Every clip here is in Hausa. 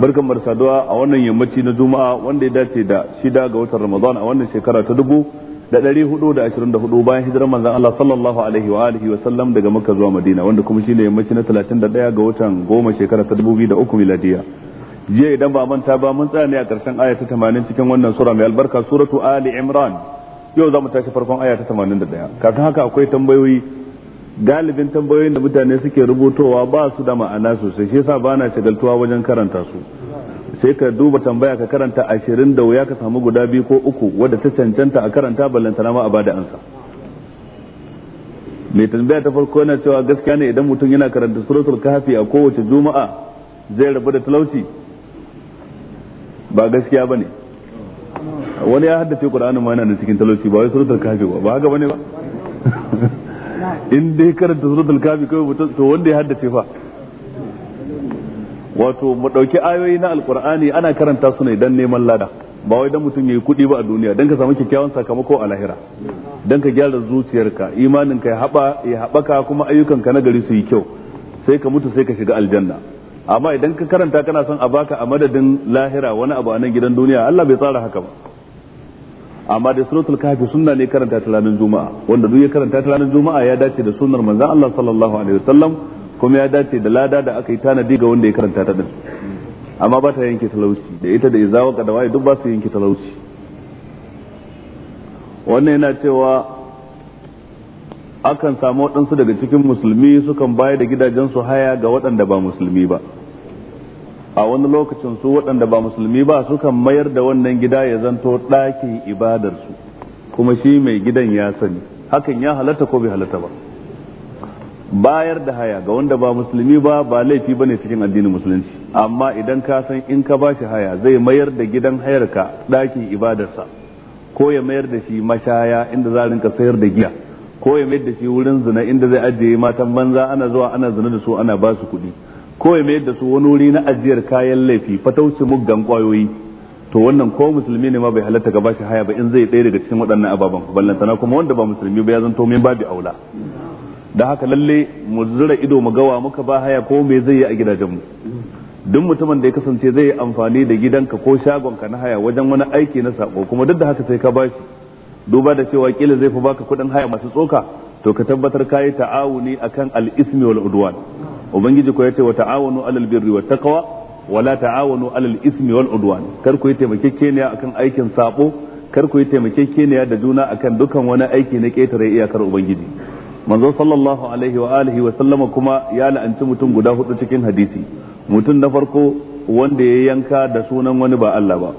barkan mu saduwa a wannan yammaci na juma'a wanda ya dace da shida ga watan ramadan a wannan shekara ta dubu da ɗari hudu da ashirin da hudu bayan hijirar manzon Allah sallallahu alaihi wa alihi wa sallam daga makka zuwa madina wanda kuma shine yammaci na talatin da ɗaya ga watan goma shekara ta dubu biyu da uku miladiya jiya idan ba manta ba mun tsaya ne a ƙarshen aya ta tamanin cikin wannan sura mai albarka suratu ali imran yau za mu tashi farkon aya ta tamanin da ɗaya kafin haka akwai tambayoyi galibin tambayoyin da mutane suke rubutowa ba su da ma'ana sosai shi yasa bana shagaltuwa wajen karanta su sai ka duba tambaya ka karanta ashirin da wuya ka samu guda biyu ko uku wadda ta cancanta a karanta ballantana ma a bada ansa mai tambaya ta farko yana cewa gaskiya ne idan mutum yana karanta suratul kafi a kowace juma'a zai rabu da talauci ba gaskiya bane wani ya haddace qur'anin ma yana cikin talauci ba wai suratul kafi ba ba haka bane ba in dai karanta suratul kafi kawai mutum to wanda ya haddace fa wato mu dauki ayoyi na alqur'ani ana karanta su ne dan neman lada ba wai dan mutum yayi kuɗi ba a duniya dan ka samu kyakkyawan sakamako a lahira dan ka gyara zuciyarka imanin ka ya haba ya habaka kuma ayyukan ka na gari su yi kyau sai ka mutu sai ka shiga aljanna amma idan ka karanta kana son a baka a madadin lahira wani abu a nan gidan duniya Allah bai tsara haka ba amma da suratul kahfi sunna ne karanta ta ranar juma'a wanda duk ya karanta ta ranar juma'a ya dace da sunnar manzon Allah sallallahu alaihi wasallam kuma ya dace da lada da aka yi tanadi ga wanda ya karanta ta din amma ba ta yanke talauci da ita da izawa da waye duk ba su yanke talauci wannan yana cewa akan samu waɗansu daga cikin musulmi sukan bayar da gidajensu haya ga waɗanda ba musulmi ba a wani lokacin su waɗanda ba musulmi ba sukan mayar da wannan gida ya zanto ɗakin ibadarsu kuma shi mai gidan ya sani hakan ya halatta ko bai halatta ba bayar da haya ga wanda ba musulmi ba ba laifi bane cikin addinin musulunci amma idan ka san in ka bashi haya zai mayar da gidan hayarka ɗakin ibadarsa ko ya mayar da shi mashaya inda za rinka sayar da giya ko ya mayar da shi wurin zina inda zai ajiye matan banza ana zuwa ana zina da su ana ba su kuɗi ko ya mayar da su wani wuri na ajiyar kayan laifi fatauci muggan kwayoyi to wannan ko musulmi ne ma bai halatta ka bashi haya ba in zai ɗaya daga cikin waɗannan ababen ballantana kuma wanda ba musulmi ba ya zanto min babu aula da haka lalle mu zura ido mu gawa muka ba haya ko me zai yi a gidajenmu duk mutumin da ya kasance zai yi amfani da gidanka ko shagonka na haya wajen wani aiki na sako kuma duk da haka sai ka bashi duba da cewa kila zai fi baka kuɗin haya masu tsoka to ka tabbatar ka yi ta'awuni akan al-ismi wal udwan ubangiji ko yace wa ta'awanu alal birri wat taqwa wa la ta'awanu alal ismi wal udwan kar ku yi taimakekeniya akan aikin sabo kar ku yi taimakekeniya da juna akan dukan wani aiki na ketare iyakar ubangiji manzo sallallahu alaihi wa alihi wa sallama kuma ya la'anci mutum guda hudu cikin hadisi mutum na farko wanda ya yanka da sunan wani ba Allah ba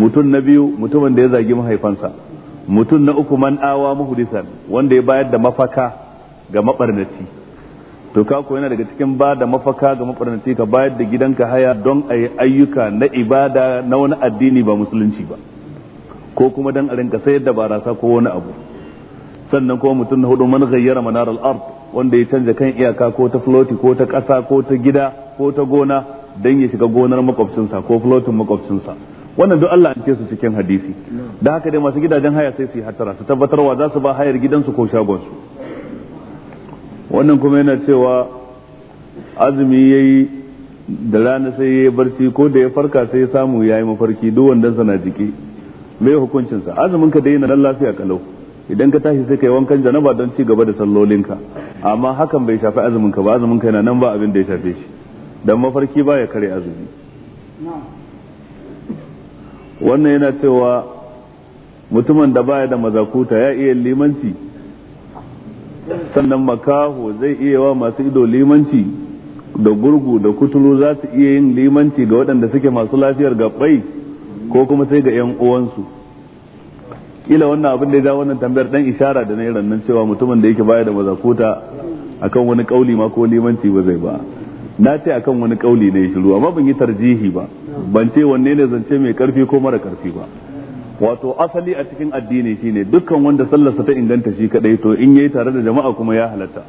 mutum na biyu mutumin da ya zagi mahaifansa mutum na uku man awa muhdisan wanda ya bayar da mafaka ga mabarnaci to ka yana daga cikin ba da mafaka ga mafarnaci ka bayar da gidanka haya don a yi ayyuka na ibada na wani addini ba musulunci ba ko kuma dan a rinka sayar da barasa ko wani abu sannan kuma mutum na hudu man ghayyara manar al-ard wanda ya canja kan iyaka ko ta floti ko ta ƙasa ko ta gida ko ta gona dan ya shiga gonar makwabcinsa ko flotin makwabcinsa wannan duk Allah an ce su cikin hadisi da haka dai masu gidajen haya sai su yi hatara su tabbatarwa za su ba hayar gidansu ko shagonsu wannan kuma yana cewa azumi ya yi da rana sai ya yi barci ko da ya farka sai ya samu ya yi mafarki duk wandan sa na jiki mai hukuncinsa azumin ka dai yana dan lafiya kalau idan ka tashi sai ka yi wankan janaba don ci gaba da sallolinka amma hakan bai shafi azumin ka ba azumin ka yana nan ba abin da ya shafe shi dan mafarki baya kare azumi wannan yana cewa mutumin da baya da mazakuta ya iya limanci sannan makaho zai iya wa masu ido limanci da gurgu da kuturu za su iya yin limanci ga waɗanda suke masu lafiyar gabbai ko kuma sai ga 'yan uwansu kila wannan abin da ya ja wannan tambayar dan ishara da na yi nan cewa mutumin da yake baya da mazakuta akan wani kauli ma ko limanci ba zai ba na ce akan wani kauli ne shiru amma ban yi tarjihi ba ban ce wanne ne zance mai karfi ko mara karfi ba wato asali a cikin addini shine dukkan wanda sallarsa ta inganta shi kadai to in yayi tare da jama'a kuma ya halatta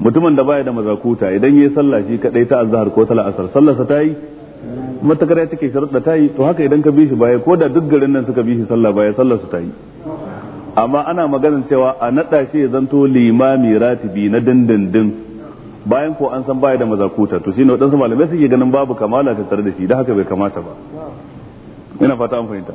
mutumin da baya da mazakuta idan yayi sallah shi kadai ta azhar ko ta asar sallarsa ta yi matakar ya take sharuɗa ta yi to haka idan ka bi shi baya ko da duk garin nan suka bi shi sallah baya sallarsa ta yi amma ana maganar cewa a naɗa shi ya zanto limami ratibi na dindindin bayan ko an san baya da mazakuta to shine waɗansu malamai suke ganin babu kamala ta tare da shi da haka bai kamata ba ina fata an fahimta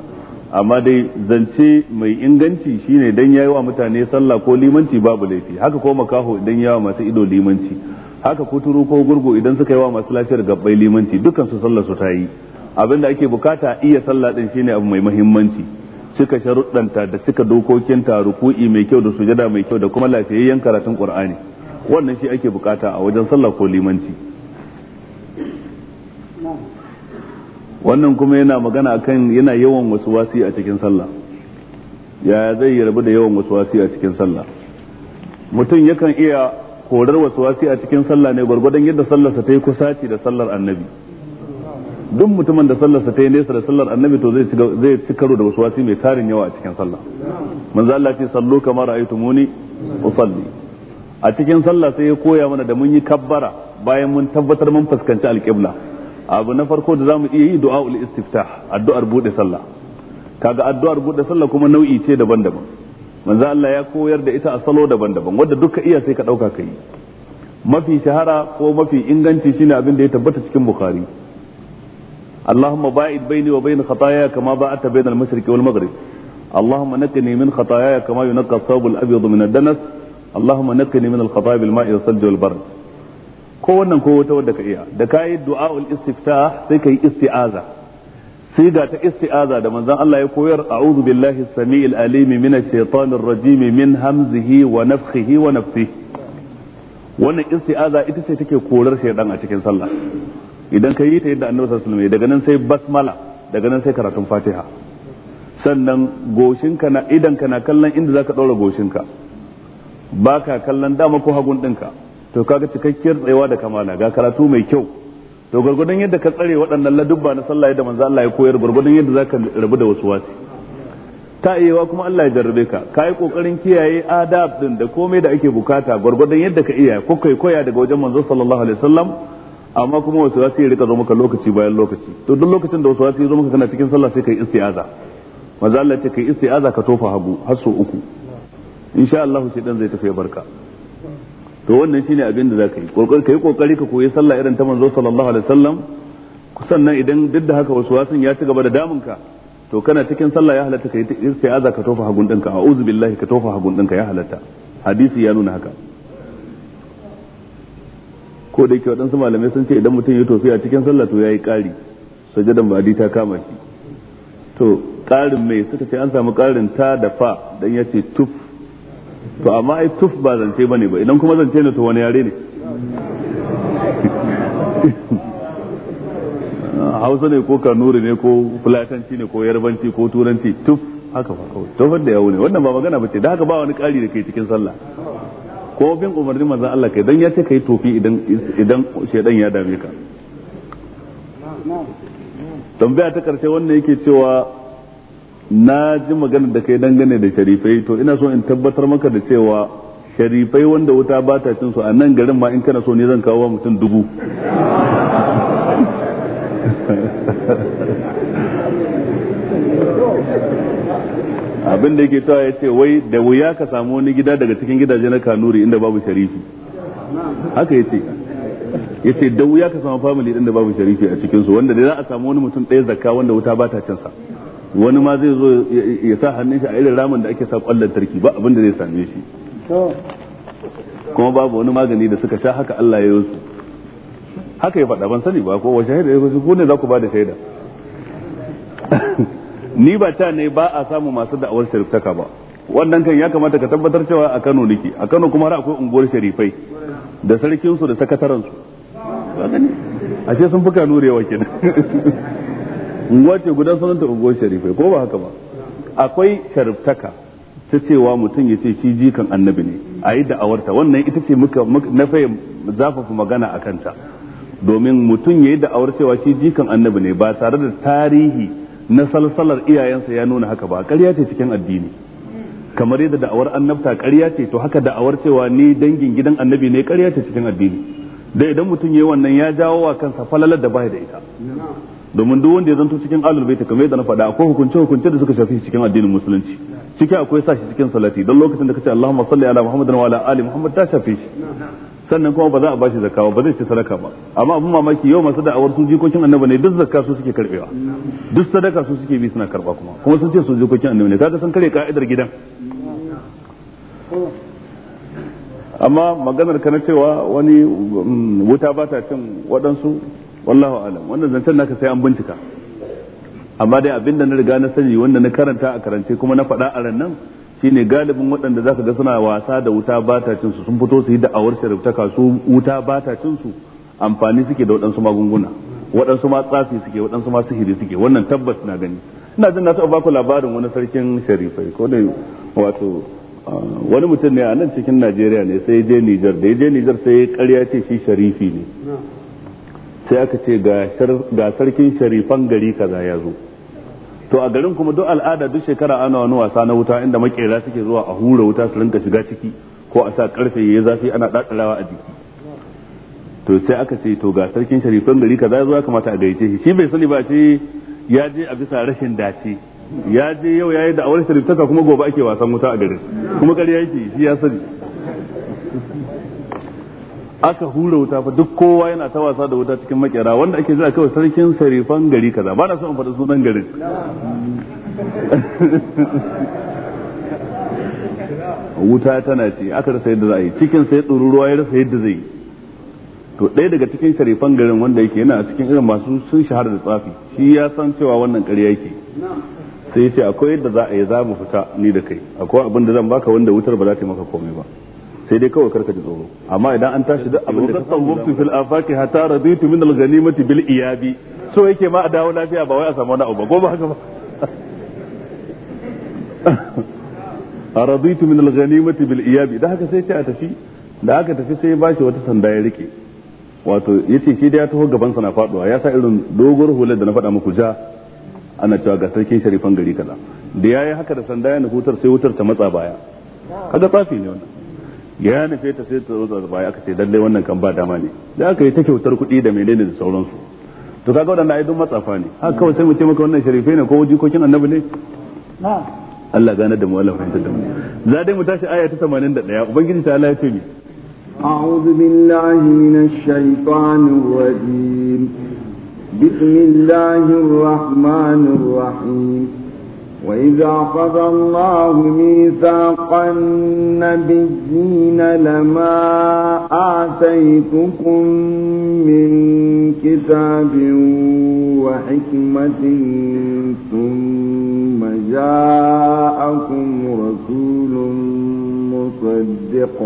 amma dai zance mai inganci shine dan yayi wa mutane sallah ko limanci babu laifi haka ko makaho idan yawa masu ido limanci haka kuturu ko gurgu idan suka yi wa masu lafiyar gabbai limanci dukkan su sallar su tayi yi abinda ake bukata iya sallah din shine abu mai muhimmanci cika sharuddanta da cika ta ruku'i mai kyau da sujada mai kyau da kuma lafiyayyen karatun qur'ani wannan shi ake bukata a wajen sallah ko limanci wannan kuma yana magana akan yana yawan wasu wasi a cikin sallah ya zai rabu da yawan wasu wasi a cikin sallah mutum yakan iya korar wasu wasi a cikin sallah ne gwargwadon yadda sallarsa ta yi kusaci da sallar annabi duk mutumin da sallarsa ta yi nesa da sallar annabi to zai ci karo da wasu wasi mai tarin yawa a cikin sallah manzo Allah ce sallu kama ra'aytumuni usalli a cikin sallah sai ya koya mana da mun yi kabbara bayan mun tabbatar mun fuskanci alƙibla abu na farko da zamu iya yi du'a du'aul istiftah addu'ar bude sallah kaga addu'ar bude sallah kuma nau'i ce daban-daban manzo Allah ya koyar da ita a salo daban-daban wanda duka iya sai ka dauka kai mafi shahara ko mafi inganci shine abin da ya tabbata cikin bukhari اللهم باعد بيني وبين خطاياي كما باعدت بين المشرق والمغرب اللهم نقني من خطاياي كما ينقى الثوب الابيض من الدنس اللهم نقني من الخطايا بالماء والثلج والبرد ko wannan ko wata wadda ka iya da ka yi du'a'ul istiftah sai ka yi isti'aza sai ga ta isti'aza da manzon Allah ya koyar a'udhu billahi samiil alimi minash shaitanir rajim min hamzihi wa nafthihi wa nafsi. wannan isti'aza ita ce take korar shaydan a cikin sallah idan ka yi ta yadda annabi sallallahu alaihi wasallam daga nan sai basmala daga nan sai karatun fatiha sannan goshinka na idan kana kallon inda zaka daura ka baka kallon dama ko hagun dinka to kaga cikakkiyar tsayawa da kamala ga karatu mai kyau to gurgudun yadda ka tsare waɗannan ladubba na sallah da manzo Allah ya koyar gurgudun yadda zaka rabu da wasu wasi ta iyawa kuma Allah ya jarrabe ka kai kokarin kiyaye adab din da komai da ake bukata gurgudun yadda ka iya ko kai koya daga wajen manzo sallallahu alaihi wasallam amma kuma wasu wasi ya rika zo maka lokaci bayan lokaci to duk lokacin da wasu wasi ya zo maka kana cikin sallah sai kai isti'aza manzo Allah ya ce kai isti'aza ka tofa hagu har so uku insha Allah sai dan zai tafi barka to wannan shine abin da zaka yi kokari kai kokari ka koyi sallah irin ta manzo sallallahu alaihi wasallam sannan idan duk da haka wasu wasan ya ci gaba da damun ka to kana cikin sallah ya halatta kai istiaza ka tofa hagun dinka a'udhu billahi ka tofa hagun dinka ya halatta hadisi ya nuna haka ko da yake waɗansu malamai sun ce idan mutum ya tofi a cikin sallah to yayi ƙari sajadan ba ta kama shi to ƙarin mai suka ce an samu ƙarin ta da fa dan ce tuf to amma ai tuf ba zance bane ba idan kuma zance ne to wani yare ne hausa ne ko kanuri ne ko fulatanci ne ko yarbanci ko turanci tuf haka ba kawai tofar da yawo ne wannan ba magana ba ce da haka ba wani kari da kai cikin sallah ko bin umarnin manzon Allah kai dan ya ce kai tofi idan idan shedan ya dame ka tambaya ta karshe wannan yake cewa na ji magana da kai dangane da sharifai to ina so in tabbatar maka da cewa sharifai wanda wuta ba ta cin su a nan garin ma in kana so ne zan kawo mutum dubu abin da yake cewa ya ce wai da wuya ka samu wani gida daga cikin gidaje na kanuri inda babu sharifi haka ya ce ya ce da wuya ka samu famili inda babu sharifi a cikinsu wanda da za a samu wani mutum ɗaya zakka wanda wuta ba ta cinsa wani ma zai zo ya sa hannun shi a irin ramin da ake sa kwallon tarki ba abin da zai same shi kuma babu wani magani da suka sha haka Allah ya yi su haka ya faɗa ban sani ba ko wa shaida ya ko ne za ku ba da shaida ni ba ta ne ba a samu masu da'awar shariftaka ba wannan kan ya kamata ka tabbatar cewa a Kano nake a Kano kuma har akwai unguwar sharifai da sarkinsu da sakataransu ce sun fi kanure yawa kenan unguwa ce guda sunanta unguwar sharifai ko ba haka ba akwai sharftaka ta cewa mutum ya ce shi jikan annabi ne a yi da'awarta wannan ita ce muka na faye zafafa magana a kanta domin mutum ya yi da'awar cewa shi jikan annabi ne ba tare da tarihi na salsalar iyayensa ya nuna haka ba ƙarya ce cikin addini kamar yadda da'awar annabta ƙarya ce to haka da'awar cewa ni dangin gidan annabi ne ƙarya ce cikin addini da idan mutum ya yi wannan ya jawo wa kansa falalar da ba da ita domin duk wanda ya zanto cikin alul baita kamar yadda na faɗa akwai hukunce hukunce da suka shafi cikin addinin musulunci ciki akwai sashi cikin salati don lokacin da kace Allahumma salli ala Muhammadin wa ala ali Muhammad ta shafe shi sannan kuma ba za a bashi zakka ba zai ci sadaka ba amma abin mamaki yau masu da'awar su jikokin annabi ne duk zakka su suke karbewa duk sadaka su suke bi suna karba kuma kuma sun ce su jikokin annabi ne kaga sun kare ka'idar gidan amma maganar ka na cewa wani mm, wuta ba ta cin waɗansu wallahu alam wannan zancen naka sai an bincika amma dai abinda na riga na sani wanda na karanta a karance kuma na faɗa a rannan nan shine galibin waɗanda zaka ga suna wasa da wuta bata cin su sun fito su yi da'awar sharifta su wuta bata cin su amfani suke da waɗansu magunguna waɗansu ma tsafi suke waɗansu ma sihiri suke wannan tabbas na gani ina jin na taɓa baku labarin wani sarkin sharifai ko da wato wani mutum ne a nan cikin Najeriya ne sai je Nijar da ya je Nijar sai karya ƙarya ce shi sharifi ne sai aka ce ga sarkin sharifan gari kaza ya zo to a garin kuma duk al'ada duk shekara ana wani wasa na wuta inda makera suke zuwa a hura wuta su rinka shiga ciki ko a sa karfe ya zafi ana datsalawa a jiki to sai aka ce to ga sarkin sharifan gari kaza ya zo ya kamata a gaice shi bai sani ba ce ya je a bisa rashin dace ya je yau yayi da awar sharif taka kuma gobe ake wasan wuta a garin kuma ƙarya yake shi ya sani aka hura wuta fa duk kowa yana ta wasa da wuta cikin makera wanda ake zuwa kawai sarkin sarifan gari kaza ba na son faɗi sunan garin wuta tana ci aka rasa yadda za a yi cikin sai tsururuwa ya rasa yadda zai yi to ɗaya daga cikin sharifan garin wanda yake yana a cikin irin masu sun shahara da tsafi shi ya san cewa wannan ƙarya yake sai ya ce akwai yadda za a yi za mu fita ni da kai akwai abin da zan baka wanda wutar ba za ta yi maka komai ba sai dai kawai karka ji tsoro amma idan an tashi duk abin da ka samu waqtu fil afaki hatta raditu min al ghanimati bil iyabi so yake ma a dawo lafiya ba wai a samu wani abu ba ko ba haka ba raditu min al ghanimati bil iyabi da haka sai ce a tafi da haka tafi sai ba shi wata sanda ya rike wato yace shi da ya taho gaban sa na faduwa ya sa irin dogor hular da na faɗa muku ja ana cewa ga sarkin sharifan gari kaza da yayi haka da sanda ya nufutar sai wutar ta matsa baya kaga tsafi ne wannan ya nufe ta sai ta zo da baya aka ce lallai wannan kan ba dama ne da aka yi ta kyautar kuɗi da menene da sauransu to kaga wadanda ai duk matsafa ne haka kawai sai mu ce maka wannan sharife ne ko jikokin annabi ne Allah gane da mu Allah fahimtar da mu za dai mu tashi aya ta 81 ubangiji ta Allah ya ce mi a'udhu billahi minash shaitanir rajim bismillahir rahmanir rahim وإذا أخذ الله ميثاق النبيين لما آتيتكم من كتاب وحكمة ثم جاءكم رسول مصدق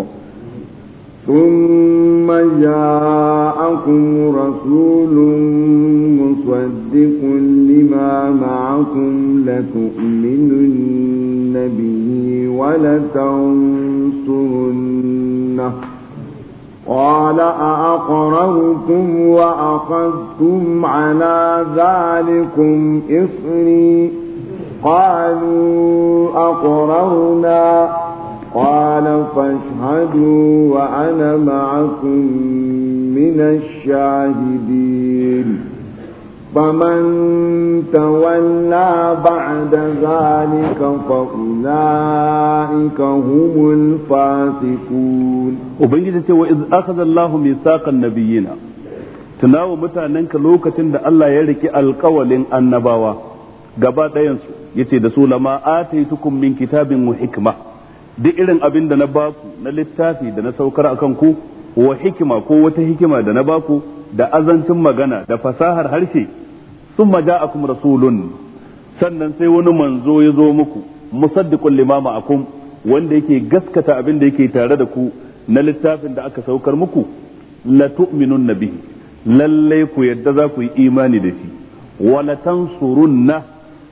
ثم جاءكم رسول مصدق لما معكم لتؤمنن به ولتنصرنه قال أأقررتم وأخذتم على ذلكم إصري قالوا أقررنا قال فاشهدوا وأنا معكم من الشاهدين فمن تولى بعد ذلك فأولئك هم الفاسقون وبنجد وإذ أخذ الله ميثاق النبيين tunawa mutanenka lokacin da Allah ya riki alkawalin annabawa gaba ɗayansu ya ce da su lama ataitukum min kitabin wa hikma duk irin abin da na baku na littafi da na saukar akan ku wa hikima ko wata hikima da na baku da azancin magana da fasahar harshe a ja'akum rasulun sannan sai wani manzo ya zo muku musaddiqul limama kun wanda yake gaskata abin da yake tare da ku na littafin da aka saukar muku la tu'minun nabihi lalle ku yadda za ku yi imani da shi wala la tansurunna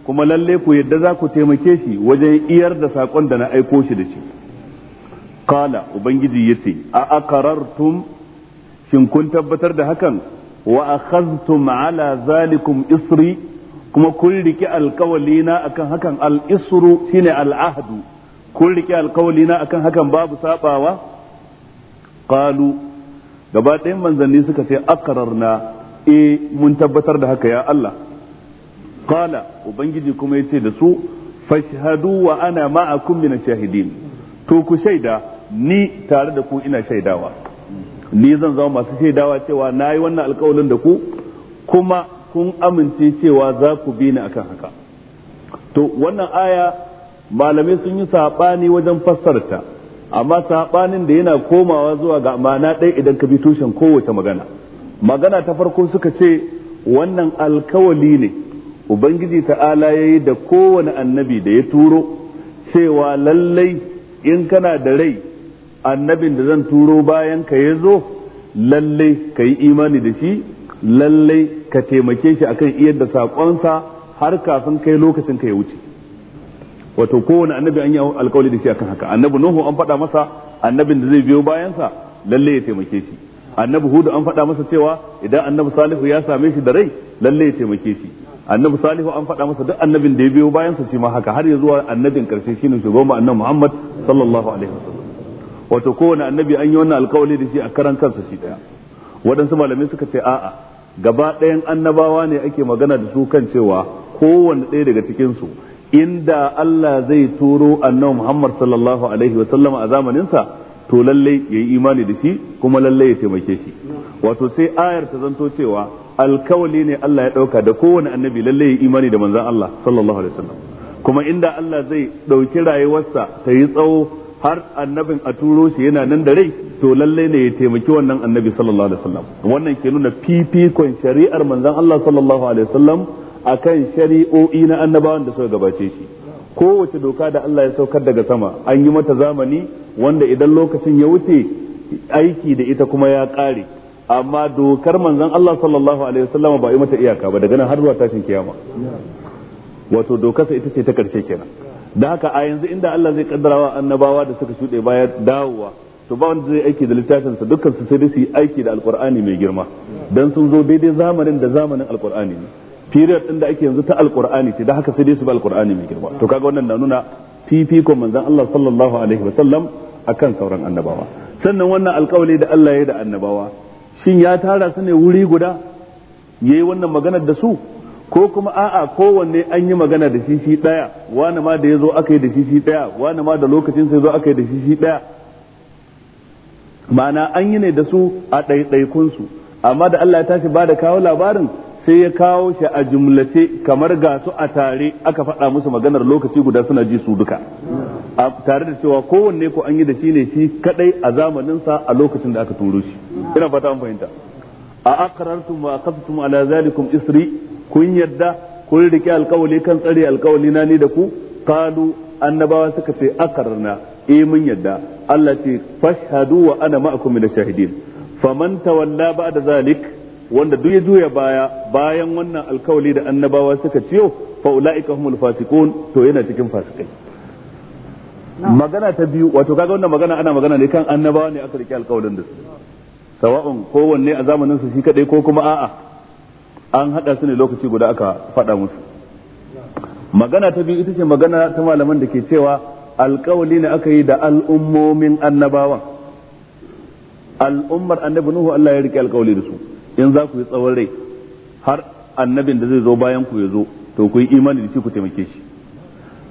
kuma lalle ku yadda za ku taimake shi wajen iyar da sakon da na aiko shi da shi kala ubangiji yace a aqarartum shin kun tabbatar da hakan wa akhadhtum ala zalikum isri kuma kun riki alkawalina akan hakan al-isru shine al-ahdu kun riki alkawalina akan hakan babu sabawa qalu gaba ɗayan manzanni suka ce na eh mun tabbatar da haka ya Allah qala ubangiji kuma ya ce da su fashhadu wa ana ma'akum min shahidin to ku shaida ni tare da ku ina shaidawa ni zan zama masu shaidawa cewa na yi wannan alkawalin da ku kuma kun amince cewa za ku bi ni akan haka to wannan aya malamai sun yi saɓani wajen fassarta amma saɓanin da yana komawa zuwa ga ma'ana ɗaya idan ka bi tushen kowace magana magana ta farko suka ce wannan alkawali ne ubangiji ta'ala ya yi da kowane annabi da ya turo cewa lallai in kana da rai annabin da zan turo bayan ka ya zo lalle ka yi imani da shi lalle ka taimake shi akan iya da saƙonsa har kafin kai lokacin ka ya wuce wato kowane annabi an yi alkawali da shi akan haka annabi nuhu an faɗa masa annabin da zai biyo bayansa lalle ya taimake shi annabi hudu an faɗa masa cewa idan annabi salihu ya same shi da rai lalle ya taimake shi annabi salihu an faɗa masa duk annabin da ya biyo bayansa shi ma haka har ya zuwa annabin ƙarshe shine shugaban annabi muhammad sallallahu alaihi wasallam wato kowane annabi an yi wannan alkawali da shi a karan kansa shi daya waɗansu malamai suka ce a'a gaba ɗayan annabawa ne ake magana da su kan cewa kowane ɗaya daga cikinsu inda Allah zai turo annabi Muhammad sallallahu alaihi wa sallam a zamaninsa to lalle yayi imani da shi kuma lalle ya taimake shi wato sai ayar ta zanto cewa alkawali ne Allah ya ɗauka da kowane annabi lalle yayi imani da manzon Allah sallallahu alaihi wa sallam kuma inda Allah zai ɗauki rayuwarsa ta yi tsawo har annabin a turo shi yana nan da rai to lallai ne ya taimaki wannan annabi sallallahu alaihi wasallam wannan ke nuna fifikon shari'ar manzon Allah sallallahu alaihi wasallam akan shari'o'i na annabawan da suka gabace shi kowace doka da Allah ya saukar daga sama an yi mata zamani wanda idan lokacin ya wuce aiki da ita kuma ya ƙare amma dokar manzon Allah sallallahu alaihi wasallam ba yi mata iyaka ba daga nan har zuwa tashin kiyama wato dokarsa ita ce ta karshe kenan da haka a yanzu inda Allah zai kaddarawa annabawa da suka shuɗe baya dawowa to ba wanda zai aiki da littafin sa dukkan su sai su aiki da alqur'ani mai girma dan sun zo daidai zamanin da zamanin alqur'ani ne period din da ake yanzu ta alqur'ani ce da haka sai su ba alqur'ani mai girma to kaga wannan na nuna fifikon manzon Allah sallallahu alaihi wa sallam akan sauran annabawa sannan wannan alkawali da Allah ya da annabawa shin ya tara su ne wuri guda yayi wannan maganar da su ko kuma a'a kowanne an yi magana da shi shi daya wani ma da ya zo aka yi da shi shi daya wani ma da lokacin sai zo aka yi da shi shi daya ma'ana an yi ne da su a ɗaiɗaikun su amma da Allah ya tashi ba da kawo labarin sai ya kawo shi a jumlace kamar ga su a tare aka faɗa musu maganar lokaci guda suna ji su duka A tare da cewa kowanne ko an yi da shi ne shi kadai a zamaninsa a lokacin da aka turo shi ina fata an fahimta a aqrartum wa aqadtum ala zalikum isri kun yarda kun rike alkawali kan tsare alkawali na ni da ku qalu annabawa suka ce akarna eh mun yarda. Allah ce fashhadu wa ana ma'akum min shahidin faman tawalla ba'da zalik wanda duk ya juya baya bayan wannan alkawali da annabawa suka ciyo fa ulaika humul fasiqun to yana cikin fasikai magana ta biyu wato kaga wannan magana ana magana ne kan annabawa ne aka rike alkawalin da su sawa'un kowanne a zamanin su shi kadai ko kuma a'a an haɗa su ne lokaci guda aka faɗa musu magana ta biyu ita ce magana ta malaman da ke cewa alkawali ne aka yi da al'ummomin annabawan al'ummar annabi nuhu Allah ya rike alkawali da su in za ku yi tsawon rai har annabin da zai zo bayan ku ya zo to ku yi imani da shi ku taimake shi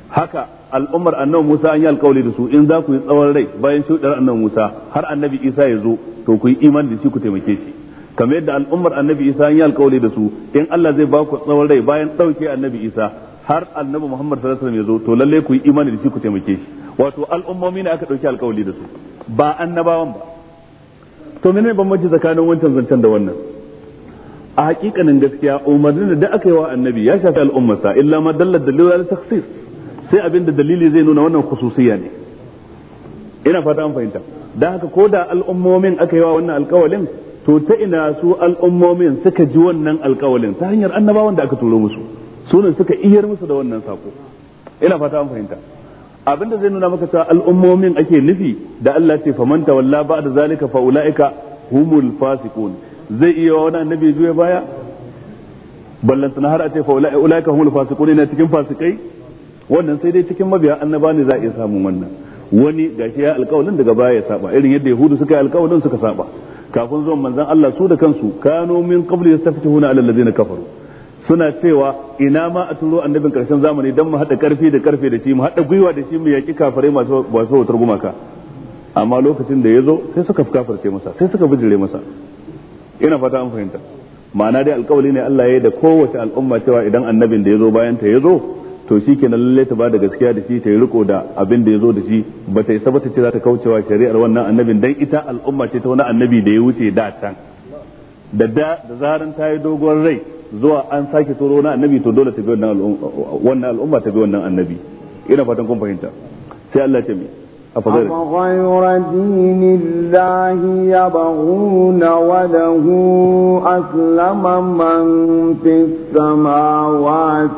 haka al'ummar annabi Musa an yi alkawali da su in za ku yi tsawon rai bayan shuɗar annabi Musa har annabi Isa ya zo to ku yi imani da shi ku taimake shi kamar yadda al'ummar annabi isa an yi alkawari da su in Allah zai ba ku tsawon rai bayan ɗauke annabi isa har annabi muhammad sallallahu alaihi wasallam ya zo to lalle ku yi imani da shi ku taimake shi wato al'ummomi ne aka ɗauki alkawari da su ba annabawan ba to menene bambanci tsakanin wancan zancen da wannan a hakikanin gaskiya umarnin da aka yi wa annabi ya shafi al'ummarsa illa ma dallar da ala takhsis sai abin da dalili zai nuna wannan khususiyya ne ina fata an fahimta dan haka ko da al'ummomin aka yi wa wannan alkawalin to ta ina su al'ummomin suka ji wannan alkawalin ta hanyar annabawan da aka turo musu sunan suka iyar musu da wannan sako ina fata an fahimta abinda zai nuna maka cewa al'ummomin ake nufi da Allah ce faman tawalla ba'da zalika fa ulaika humul fasiqun zai iya wani annabi zuwa baya ballan ballantana har a ce fa ulaika humul fasiqun ina cikin fasikai wannan sai dai cikin mabiya annaba ne za a iya samun wannan wani gashi ya alƙawalin daga baya ya saba irin yadda yahudu suka yi alƙawalin suka saba kafin zuwan manzon Allah su da kansu kano min qabli huna ala alladhina kafaru suna cewa ina ma a turo annabin karshen zamani dan mu hada karfi da karfe da shi mu hada gwiwa da shi mu yaki kafare masu wasu wutar gumaka amma lokacin da ya zo sai suka kafirce masa sai suka bijire masa ina fata an fahimta ma'ana dai alkawali ne Allah ya yi da kowace al'umma cewa idan annabin da ya zo bayan ta ya zo to shi nan lalle ta bada gaskiya da shi ta yi riko da abin da ya zo da shi ba ta yi sabata ce za ta kaucewa shari'ar wannan annabin dan ita al'umma ce ta wani annabi da ya wuce da can da da da zaran ta yi dogon rai zuwa an sake turo wani annabi to dole ta bi wannan al'umma ta bi wannan annabi ina fatan kun fahimta sai Allah ya ce أفغير دين الله يبغون وله أسلم من في السماوات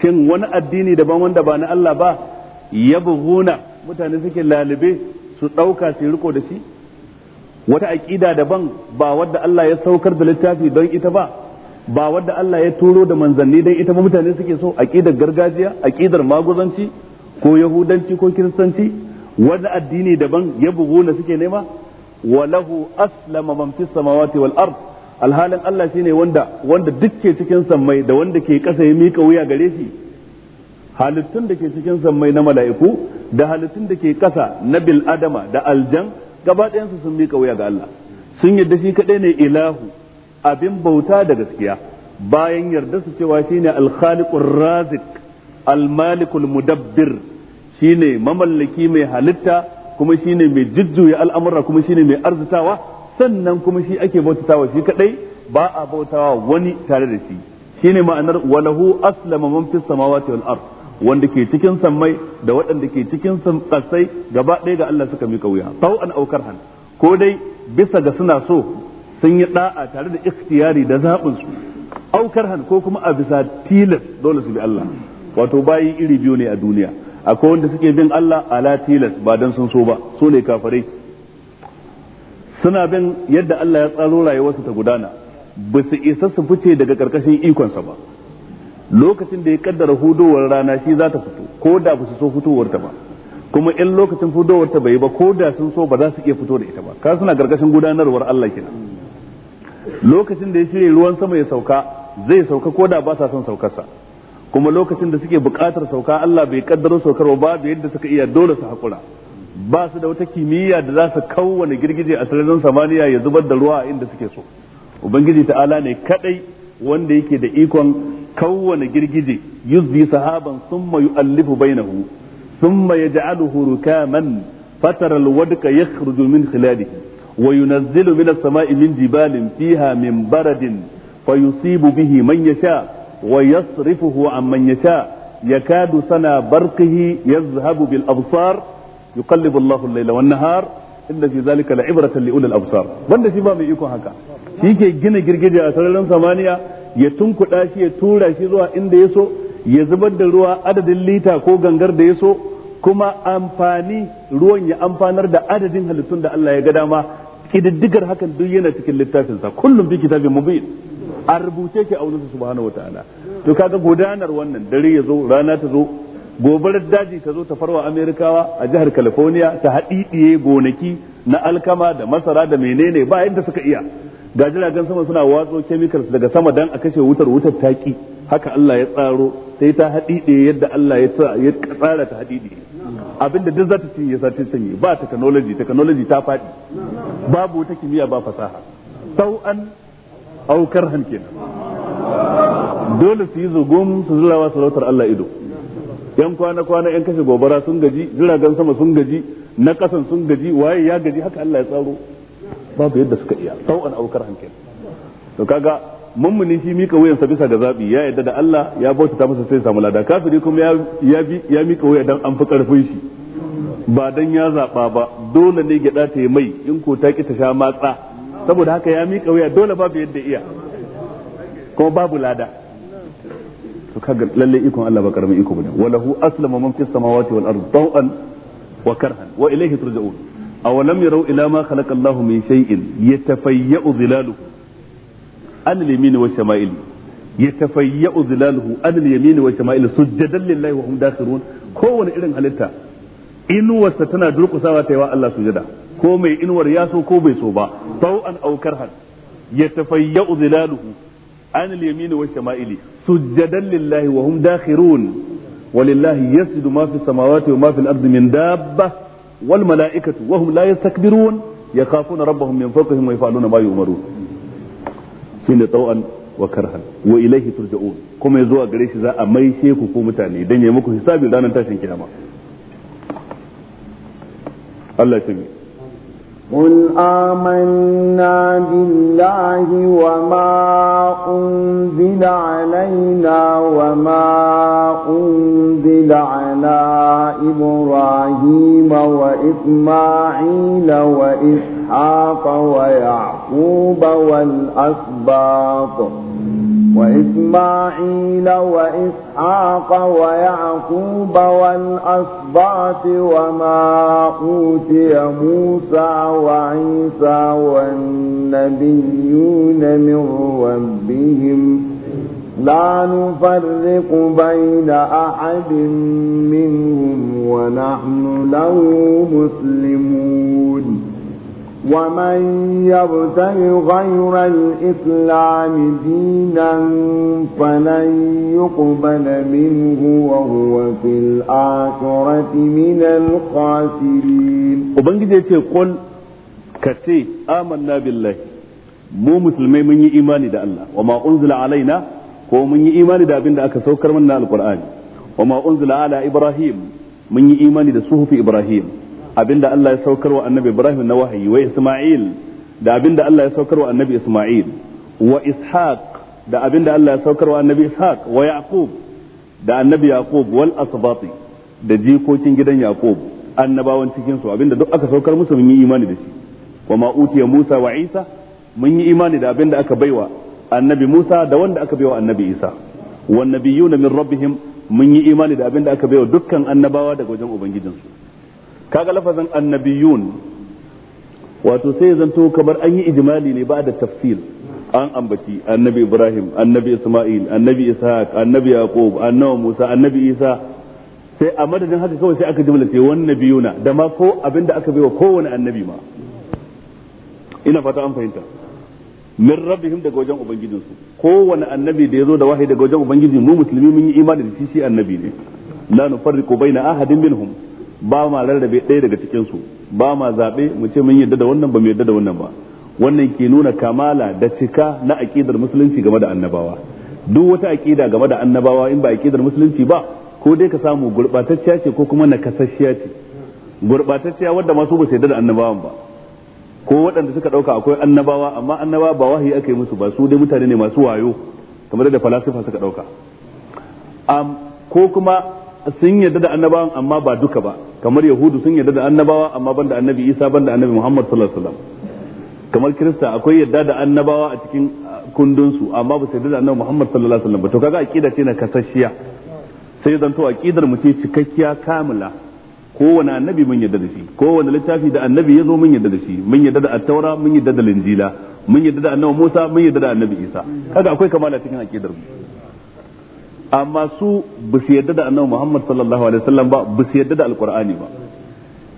shin wani addini daban ba na Allah ba ya buhuna mutane suke lalube su ɗauka su riko da shi wata aqida daban ba wadda Allah ya saukar da littafi don ita ba ba wadda Allah ya turo da manzanni don ita ba mutane suke so aqidar gargajiya aqidar maguzanci ko yahudanci ko kiristanci wani addini daban ya bugu na suke nema walahu aslama man fis samawati wal ard alhalin Allah shine wanda wanda dukke cikin sammai da wanda ke kasa ya mika wuya gare shi halittun da ke cikin sammai na mala'iku da halittun da ke kasa na bil adama da aljan gaba ɗayansu sun mika wuya ga Allah sun yarda shi kaɗai ne ilahu abin bauta da gaskiya bayan yarda su cewa shine ne alkhaliƙun razik almalikul mudabbir mudabbir ne mamallaki mai halitta kuma shi ne mai jujjuya al'amurra, kuma shi ne mai arzitawa sannan kuma shi ake bautatawa shi kaɗai ba a bautawa wani tare da shi Shi ne ma'anar walahu aslama man fis samawati wal ard wanda ke cikin sammai da waɗanda ke cikin tsatsai gaba ɗaya ga Allah suka mika wuya an aukar han ko dai bisa ga suna so sun yi da'a tare da ikhtiyari da zaɓin su aukar han ko kuma a bisa tilas dole su bi Allah wato bayi iri biyu ne a duniya akwai wanda suke bin Allah ala tilas ba dan sun so ba su ne kafirai suna bin yadda Allah ya tsaro rayuwarsu ta gudana ba su isa su fice daga ƙarƙashin ikonsa ba lokacin da ya kaddara hudowar rana shi za ta fito ko da ba su so fitowar ta ba kuma in lokacin hudowar ta bai ba ko da sun so ba za su iya fito da ita ba ka suna gargashin gudanarwar Allah kenan lokacin da ya shirya ruwan sama ya sauka zai sauka ko da ba sa son saukarsa kuma lokacin da suke buƙatar sauka Allah bai kaddara saukar ba bai yadda suka iya dole su hakura ba su da wata kimiyya da za su wani girgije a sararin samaniya ya zubar da ruwa inda suke so ubangiji ta'ala ne kadai wanda yake da ikon kawwana girgije yuzbi sahaban summa yu'allifu bainahu summa yaj'aluhu rukaman fatara alwadqa yakhruju min khilalihi wa yunazzilu min as-sama'i min jibalin fiha min baradin fayusibu bihi man yasha wa yasrifuhu an man yasha yakadu sana barqihi yazhabu bil absar yuqallibu Allahu al-layla wan-nahar inda fi zalika la ibratan li ulil absar wanda shi ba mai iko haka shi ke gina girgije a sararin samaniya ya tunkuda shi ya tura shi zuwa inda ya so ya zubar da ruwa adadin lita ko gangar da ya so kuma amfani ruwan ya amfanar da adadin halittun da Allah ya ga dama kididdigar hakan duk yana cikin littafinsa kullum bi kitabin mubin a rubuce ke a wurin subhanahu wataala to kaga gudanar wannan dare ya zo rana ta zo gobarar daji ta zo ta farwa amerikawa a jihar california ta haɗiɗiye gonaki na alkama da masara da menene ba yadda suka iya ga jiragen sama suna watso chemicals daga sama dan a kashe wutar wutar taki haka Allah ya tsaro sai ta haɗiɗe yadda Allah ya tsara ta haɗiɗe abinda duk za ta cinye ya ta sanye ba technology technology ta faɗi babu wata kimiyya ba fasaha sau'an aukar hankin dole su yi zugun su zulawa sarautar Allah ido yan kwana kwana yan kashe gobara sun gaji jiragen sama sun gaji na kasan sun gaji waye ya gaji haka Allah ya tsaro babu yadda suka iya sau'an aukar hankali to kaga mummuni shi mika sa bisa ga zabi ya yadda da Allah ya ta masa sai samu lada kafiri kuma ya ya mika wuya dan an fi karfin shi ba dan ya zaba ba dole ne gida ta mai in ko ta ki ta sha matsa saboda haka ya mika wuya dole babu yadda iya kuma babu lada to kaga lalle ikon Allah ba karamin iko bane walahu aslama man fis samawati wal ardi taw'an wa karhan wa ilayhi turja'un awalam yarau ila ma khalaqa Allah min shay'in yatafayyu zilaluhu an al-yamin wa shama'il yatafayyu zilaluhu an al-yamin wa shama'il sujjadan lillahi wa hum dakhirun kowane irin halitta inuwarsa tana durkusawa ta yi wa Allah sujada ko mai inuwar ya so ko bai so ba taw'an aw karhan yatafayyu zilaluhu an al-yamin wa shama'il سجدا لله وهم داخرون ولله يسجد ما في السماوات وما في الأرض من دابة والملائكة وهم لا يستكبرون يخافون ربهم من فوقهم ويفعلون ما يؤمرون shine tau'an wa karhan wa ilaihi kuma ya zuwa gare shi za a maishe ku ko mutane dan ya muku hisabi ranar tashin kiyama Allah قل آمنا بالله وما أنزل علينا وما أنزل على إبراهيم وإسماعيل وإسحاق ويعقوب والأسباط وإسماعيل وإسحاق ويعقوب والأسباط وما أوتي موسى وعيسى والنبيون من ربهم لا نفرق بين أحد منهم ونحن له مسلمون ومن يبتغ غير الإسلام دينا فلن يقبل منه وهو في الآخرة من الخاسرين وبنجد قل كتي آمنا بالله mu musulmai mun yi imani da Allah wa ma alaina ko mun yi imani da abin da aka saukar mana alqur'ani wa ma ala ibrahim mun yi imani da suhufi ibrahim abinda Allah ya saukar wa annabi Ibrahim na wahayi wa Isma'il da abinda Allah ya saukar wa annabi Isma'il wa Ishaq da abinda Allah ya saukar wa annabi Ishaq wa Yaqub da annabi Yaqub wal asbati da jikokin gidan Yaqub annabawan cikin su abinda duk aka saukar musu mun yi imani da shi wa ma utiya Musa wa Isa mun yi imani da abinda aka baiwa annabi Musa da wanda aka baiwa annabi Isa wan nabiyuna min rabbihim mun yi imani da abinda aka baiwa dukkan annabawa daga wajen ubangijinsu kaga lafazin annabiyun wato sai ya zanto kamar an yi ijmali ne ba da tafsir an ambaci annabi ibrahim annabi isma'il annabi ishaq annabi yaqub annabi musa annabi isa sai a madadin haka kawai sai aka jimla sai wannan biyuna da ma ko abinda aka baiwa kowane annabi ma ina fata an fahimta min rabbihim daga wajen ubangijinsu kowane annabi da yazo da wahayi daga wajen ubangiji mu musulmi mun yi imani da shi shi annabi ne la nufarriqu baina ahadin minhum ba ma rarrabe ɗaya daga cikin su ba ma zaɓe mu ce mun yadda da wannan ba mu yadda da wannan ba wannan ke nuna kamala da cika na aƙidar musulunci game da annabawa duk wata aƙida game da annabawa in ba aƙidar musulunci ba ko dai ka samu gurɓatacciya ce ko kuma nakasasshiya ce gurɓatacciya wadda masu ba su yarda da annabawan ba ko waɗanda suka ɗauka akwai annabawa amma annabawa ba wahayi aka yi musu ba su dai mutane ne masu wayo kamar da falasifa suka ɗauka ko kuma sun yarda da annabawan amma ba duka ba kamar yahudu sun yarda da annabawa amma banda annabi isa banda annabi muhammad sallallahu alaihi wasallam kamar kirista akwai yarda da annabawa a cikin kundin su amma ba su yarda da annabi muhammad sallallahu alaihi wasallam ba to kaga aqida ce na kasashiya sai to aqidar mu ce cikakkiya kamila kowane annabi mun yarda da shi kowane littafi da annabi ya zo mun yarda da shi mun yarda da attaura mun yarda da linjila mun yarda da annabi musa mun yarda da annabi isa kaga akwai kamala cikin aqidar mu amma su ba su yarda da annabi Muhammad sallallahu alaihi wasallam ba ba su yarda da alqur'ani ba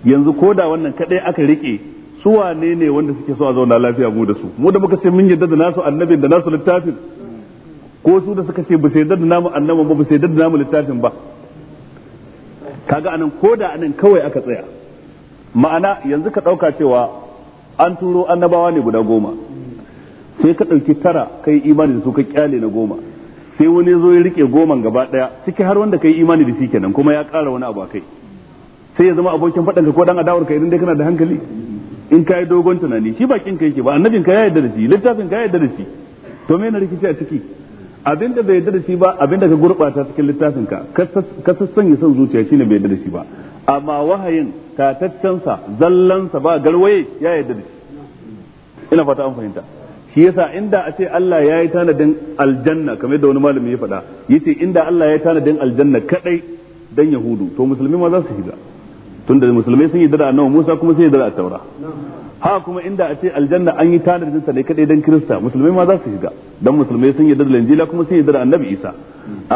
yanzu ko da wannan kadai aka rike su wane ne wanda suke so a zauna lafiya mu da su mu da muka ce mun yarda da nasu annabi da nasu littafin ko su da suka ce ba su yarda da namu annabi ba ba su yarda da namu littafin ba kaga anan ko da anan kawai aka tsaya ma'ana yanzu ka dauka cewa an turo annabawa ne guda goma sai ka dauki tara kai imanin su ka kyale na goma sai wani zo ya rike goman gaba daya ciki har wanda kai imani da shi kenan kuma ya ƙara wani abu kai sai ya zama abokin faɗan ka ko dan adawar ka idan dai kana da hankali in ka yi dogon tunani shi bakin ka yake ba annabin ka ya yarda da shi littafin ka ya yarda da shi to me na rikici a ciki abin da bai yarda da shi ba abin da ka gurbata cikin littafin ka ka sassanya son zuciya shine bai yarda da shi ba amma wahayin tataccensa zallansa ba garwaye ya yarda da shi ina fata an fahimta shi yasa inda a ce Allah ya yi tanadin aljanna kamar yadda wani malami ya faɗa yace inda Allah ya yi tanadin aljanna kadai dan yahudu to musulmi ma za su shiga tunda musulmai sun yi a annabi Musa kuma sun yi a taura ha kuma inda a ce aljanna an yi tanadin sa ne kadai dan kirista musulmai ma za su shiga dan musulmai sun yi dara injila kuma sun yi dara annabi Isa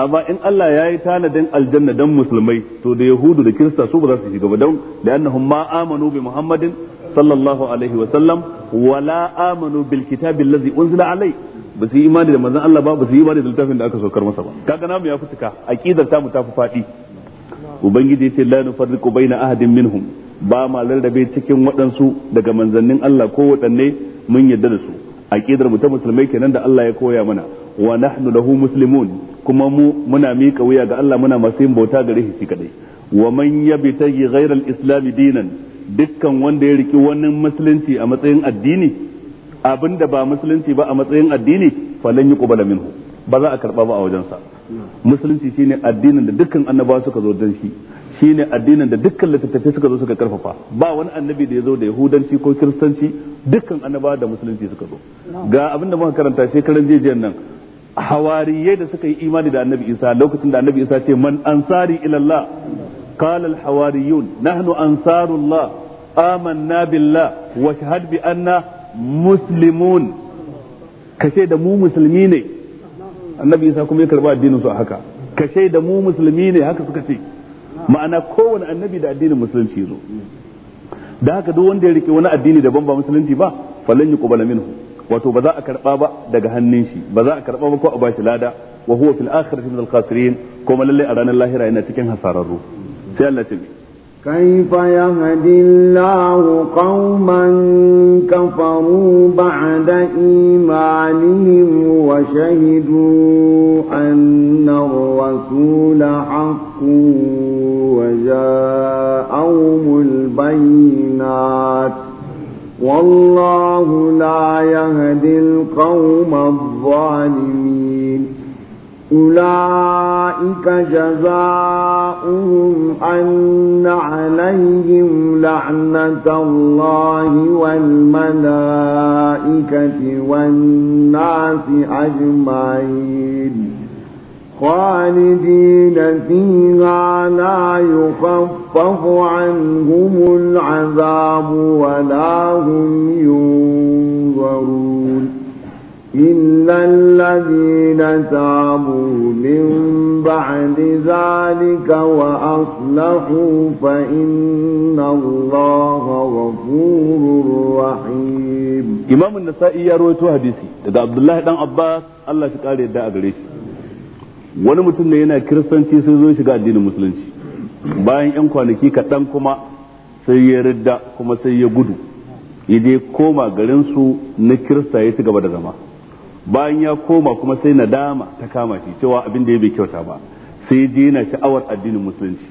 amma in Allah ya yi tanadin aljanna dan musulmai to da yahudu da kirista su ba za su shiga ba dan da annahum ma amanu bi Muhammadin sallallahu alaihi wa sallam wala amanu bil kitabi allazi unzila alai ba su yi imani da manzon Allah ba ba su yi imani da littafin da aka saukar masa ba kaga namu ya fituka aqidar ta mu ta fi fadi ubangiji ya ce la nufarriqu baina ahadin minhum ba ma lardabe cikin waɗansu daga manzannin Allah ko waɗanne mun yadda da su aqidar mu ta musulmai kenan da Allah ya koya mana wa nahnu lahu muslimun kuma mu muna mika wuya ga Allah muna masu yin bauta gare shi kadai wa man yabtaghi ghayra al-islam dinan dukkan wanda ya riki wannan musulunci a matsayin addini da ba musulunci ba a matsayin addini falan yi kubala minhu ba za a karba ba a wajensa musulunci shine addinin da dukkan annabawa suka zo don shi shine addinin da dukkan littattafai suka zo suka karfafa ba wani annabi da ya zo da yahudanci ko kiristanci dukkan annaba da musulunci suka zo ga abin da muka karanta shekaran jejiyar nan hawariyai da suka yi imani da annabi isa lokacin da annabi isa ce man ansari ilallah قال الحواريون نحن أنصار الله آمنا بالله واشهد بأننا مسلمون كشي da mu musulmi ne annabi Isa kuma ya karba addinin su a haka kashe da mu musulmi ne haka suka ce ma'ana kowane annabi da addinin musulunci zo da haka duk wanda ya rike wani addini daban ba musulunci ba falan yuqbala minhu wato ba za a karba ba daga hannun shi ba za a karba ba ko a bashi lada wa huwa fil akhirati min al khasirin kuma lalle a ranar lahira yana cikin hasararru كيف يهدي الله قوما كفروا بعد إيمانهم وشهدوا أن الرسول حق وجاءهم البينات والله لا يهدي القوم الظالمين أولئك جزاؤهم أن عليهم لعنة الله والملائكة والناس أجمعين خالدين فيها لا يخفف عنهم العذاب ولا هم ينظرون إلا الذين تابوا من بعد ذلك وأصلحوا فإن الله غفور رحيم إمام النسائي يروي حديثي إذا عبد الله بن عباس الله تقال يدعى قريش wani mutum ne yana kiristanci sai zo shiga addinin musulunci bayan 'yan kwanaki kaɗan kuma sai ya ridda kuma sai ya gudu ya je koma garinsu na kirista ya ci gaba da zama bayan ya koma kuma sai nadama ta kama shi cewa abin da ya bai kyauta ba sai ji na sha'awar addinin musulunci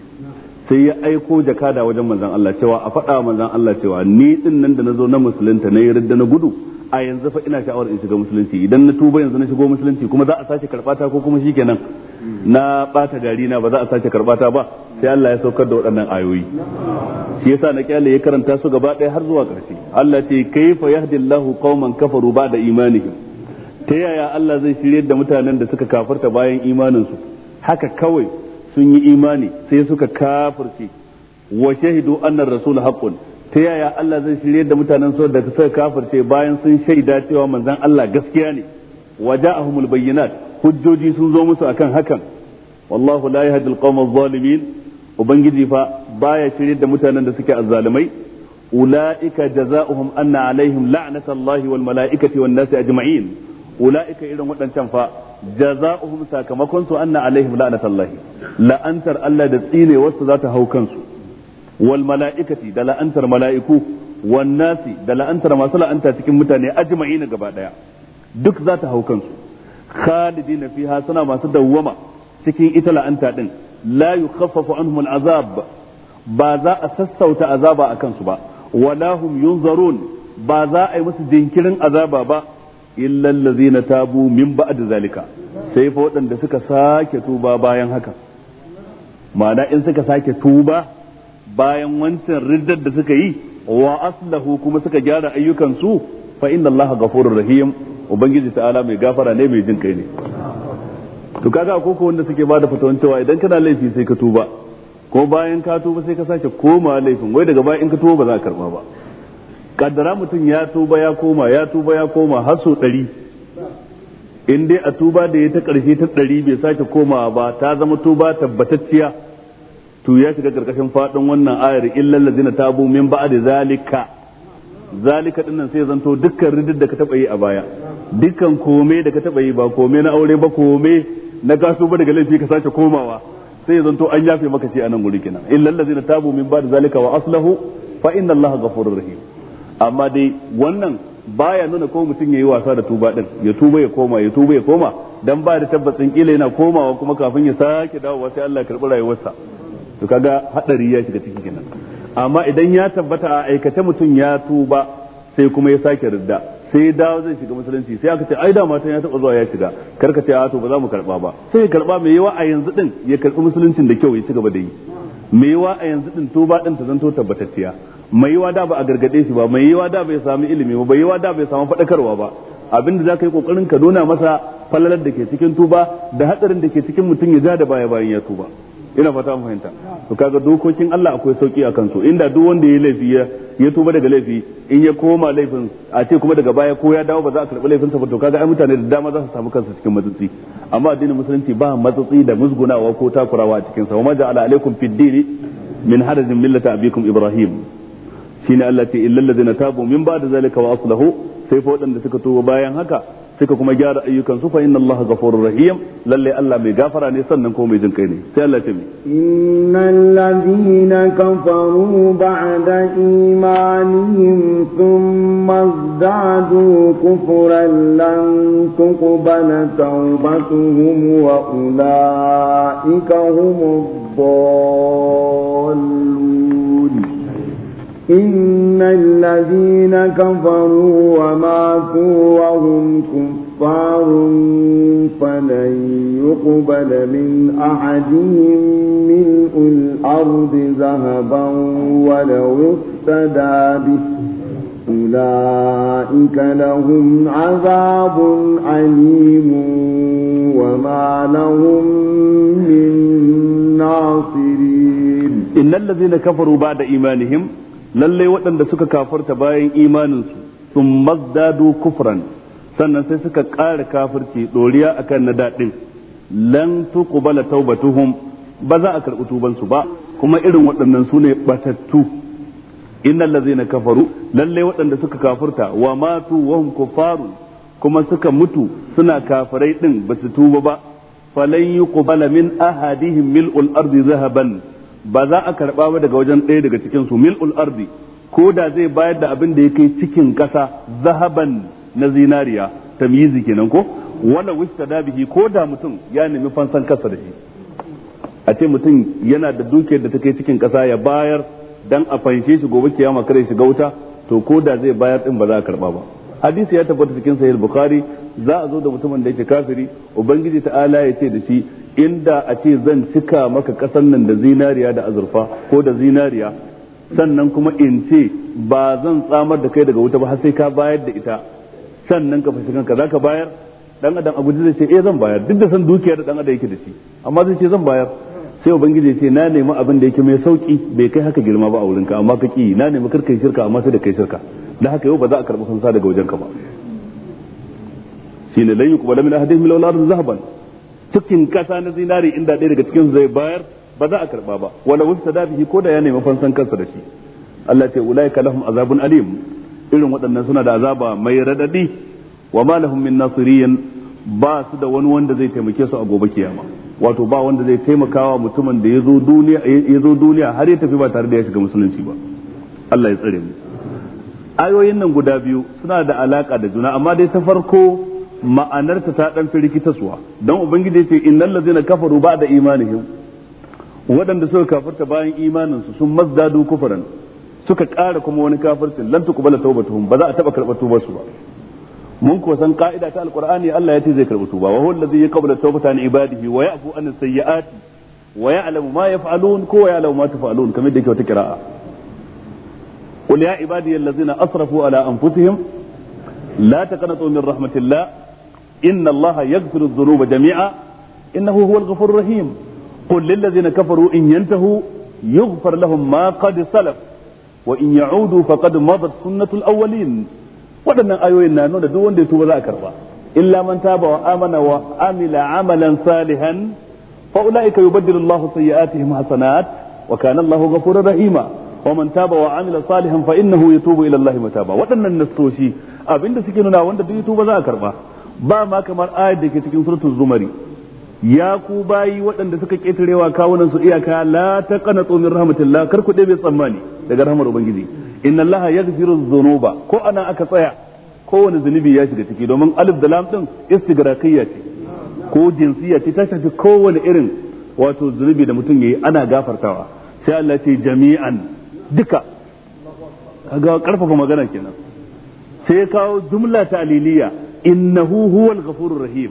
sai ya aiko jakada wajen manzon Allah cewa a faɗa manzon Allah cewa ni din nan da nazo na musulunta na yarda na gudu a yanzu fa ina sha'awar in shiga musulunci idan na tuba yanzu na shigo musulunci kuma za a sace karbata ko kuma shikenan na bata gari na ba za a sace karbata ba sai Allah ya saukar da waɗannan ayoyi shi yasa na kyale ya karanta su gaba ɗaya har zuwa ƙarshe Allah ce kayfa yahdillahu qauman kafaru ba da imanihim ta yaya Allah zai shirya da mutanen da suka kafarta bayan imaninsu haka kawai sun yi imani sai suka kafirce wa shahidu annar rasul haqqun ta yaya Allah zai shiryar da mutanen su da suka kafirce bayan sun shaida cewa manzon Allah gaskiya ne wa ja'ahumul bayyinat hujjoji sun zo musu akan hakan wallahu la yahdi alqawma adh ubangiji fa baya shiryar da mutanen da suke azzalumai ulaika jazaohum anna alaihim la'natullahi wal mala'ikati wan nasi ajma'in ulaika irin waɗancan fa jaza'uhum sakamakon su anna alaihim la'natullahi la'antar Allah da tsine wasu za ta hau kansu wal mala'ikati da la'antar mala'iku wan nasi da la'antar masu la'anta cikin mutane ajma'ina gaba daya duk za ta hau kansu khalidina fiha suna masu dawwama cikin ita la'anta din la yukhaffafu anhum al'azab ba za a sassauta azaba a kansu ba wala hum yunzarun ba za a yi musu jinkirin azaba ba illa allazina tabu min ba'd zalika sai fa waɗanda suka sake tuba bayan haka ma'ana in suka sake tuba bayan wancan riddar da suka yi wa aslahu kuma suka gyara ayyukansu fa inna allaha ghafurur rahim ubangiji ta'ala mai gafara ne mai jin kai ne to kaga ko wanda suke bada fatawan cewa idan kana laifi sai ka tuba ko bayan ka tuba sai ka sake koma laifin wai daga baya in ka tuba ba za ka karba ba kaddara mutum ya tuba ya koma ya tuba ya koma har so ɗari in dai a tuba da ya ta ƙarshe ta ɗari bai sake komawa ba ta zama tuba tabbatacciya to ya shiga ƙarƙashin faɗin wannan ayar illal ladina tabu min ba'di zalika zalika dinnan sai zanto dukkan ridid da ka taba yi a baya dukkan kome da ka taba yi ba kome na aure ba kome na gaso ba daga laifi ka sake komawa sai zanto an yafe maka shi a nan guri kenan illal ladina tabu min ba'di zalika wa aslahu fa inna allaha ghafurur rahim amma dai wannan baya nuna ko mutum yi wasa da tuba din ya tuba ya koma ya tuba ya koma dan ba da tabbacin kila yana komawa kuma kafin ya sake dawo sai Allah karbi rayuwarsa to kaga hadari ya shiga cikin kenan amma idan ya tabbata a aikace mutum ya tuba sai kuma ya sake ridda sai ya dawo zai shiga musulunci sai aka ce ai da matan ya taba zuwa ya shiga karka ce a to ba za mu karba ba sai ya karba mai yawa a yanzu din ya karbi musuluncin da kyau ya ci gaba da yi mai yiwa a yanzu din tuba din ta zanto tabbatacciya mai yiwa da ba a gargade shi ba mai yiwa da bai samu ilimi ba bai yiwa da bai samu faɗakarwa ba abin da za yi kokarin ka nuna masa falalar da ke cikin tuba da hatsarin da ke cikin mutum ya ja da baya bayan ya tuba ina fata an fahimta to kaga dokokin Allah akwai sauki a kansu inda duk wanda ya laifi ya tuba daga laifi in ya koma laifin a ce kuma daga baya ko ya dawo ba za a karɓi laifin sa ba to kaga ai mutane da dama za su samu kansu cikin matsatsi amma addinin musulunci ba matsatsi da musgunawa ko takurawa a cikin sa wa ma ja'ala alaikum fid dini min harajin millata abikum ibrahim shine Allah ce illal ladina tabu min ba'da zalika wa aslahu sai fa waɗanda suka tuba bayan haka suka kuma gyara ayyukan su fa inna allaha ghafurur rahim lalle allah mai gafara ne sannan ko mai jin kai ne sai allah ta mi innal ladina kafaru ba'da imanihim thumma zadu kufran lan tuqbala tawbatuhum wa ulaika humud dallun إن الذين كفروا وماتوا وهم كفار فلن يقبل من أحدهم ملء الأرض ذهبا ولو افتدى به أولئك لهم عذاب أليم وما لهم من ناصرين إن الذين كفروا بعد إيمانهم Lallai waɗanda suka kafarta bayan imaninsu sun mazdadu kufran sannan sai suka ƙara kafirci ɗoriya akan na daɗin lan tuqbala taubatuhum ba za a karɓi tubansu ba kuma irin waɗannan su ne batattu innal na kafaru Lallai waɗanda suka kafarta wa matu wa hum kufaru kuma suka mutu suna kafirai ɗin ba su tuba ba falan yuqbala min ahadihim mil'ul ardi zahaban ba za a karɓa ba daga wajen ɗaya daga cikin su mil'ul ardi ko da zai bayar da abin da ya kai cikin ƙasa zahaban na zinariya tamyizi kenan ko wala wista da bihi ko da mutum ya nemi fansan kasa da shi a ce mutum yana da dukiyar da ta kai cikin ƙasa ya bayar dan a fanshe shi gobe kiyama kare shiga wuta to ko da zai bayar din ba za a karba ba hadisi ya tabbata cikin sahih bukhari za a zo da mutumin da yake kafiri ubangiji ta'ala ya ce da shi inda a ce zan cika maka kasan nan da zinariya da azurfa ko da zinariya sannan kuma in ce ba zan tsamar da kai daga wuta ba har sai ka bayar da ita sannan ka fashi kanka ka bayar dan adam a guji zai ce eh zan bayar duk da san dukiyar da dan adam yake da shi amma zai ce zan bayar sai ubangiji ce na nemi abin da yake mai sauki bai kai haka girma ba a wurinka amma ka ki na nemi karkai shirka amma sai da kai shirka dan haka yau ba za a karɓi fansa daga wajenka ba shine lan yuqbala min ahadihim law zahaban cikin kasa na zinari inda ɗaya daga cikin zai bayar ba za a karba ba wala wusta da bihi ko da ya nemi fansan kansa da shi Allah ta ka lahum azabun alim irin waɗannan suna da azaba mai raɗaɗi wa ma lahum min nasiriyin ba su da wani wanda zai taimake su a gobe kiyama wato ba wanda zai taimakawa mutumin da ya zo duniya ya zo duniya har ya tafi ba tare da ya shiga musulunci ba Allah ya tsare mu ayoyin nan guda biyu suna da alaka da juna amma dai ta farko ma'anarta ta dan fi rikitaswa don ubangiji ce innal ladzina kafaru ba'da imanihim waɗanda suka kafarta bayan imanin su sun mazdadu kufran suka ƙara kuma wani kafircin lan tuqbala tawbatuhum ba za a taba karɓar tubar su ba mun ko san ka'ida ta alqur'ani Allah ya ce zai karɓi tuba wa huwa allazi yaqbalu tawbata an ibadihi wa ya'fu an sayyi'ati wa ya'lamu ma yaf'alun ko wa ya'lamu ma taf'alun kamar da yake wata qira'a qul ya ibadiy allazina asrafu ala anfusihim la taqnatu min rahmatillah inna allaha yaghfiru dhunuba jami'a innahu huwal ghafurur rahim qul lil ladzina kafaru in yantahu yughfar lahum ma qad salaf wa in ya'udu faqad madat sunnatul awwalin waɗannan ayoyin na nuna duk wanda ya tuba za karba illa man taba wa amana wa amila amalan salihan fa ulaika yubaddilu Allahu sayyi'atihim hasanat wa kana Allahu ghafurur rahima wa man taba wa salihan fa ila nastoshi abinda suke nuna wanda duk za karba ba ma kamar ayat da ke cikin suratul zumari ya ku bayi waɗanda suka ketarewa kawunan su iyaka la taqanatu min rahmatillah kar ku ɗebe tsammani daga rahmar ubangiji inna allaha yaghfiru dhunuba ko ana aka tsaya kowane zunubi ya shiga ciki domin alif da lam din istigraqiyya ce ko jinsiyya ce ta shafi kowane irin wato zunubi da mutum yayi ana gafartawa sai Allah ce jami'an duka kaga karfafa magana kenan sai ya kawo jumla ta'liliya innahu huhu ghafurur rahim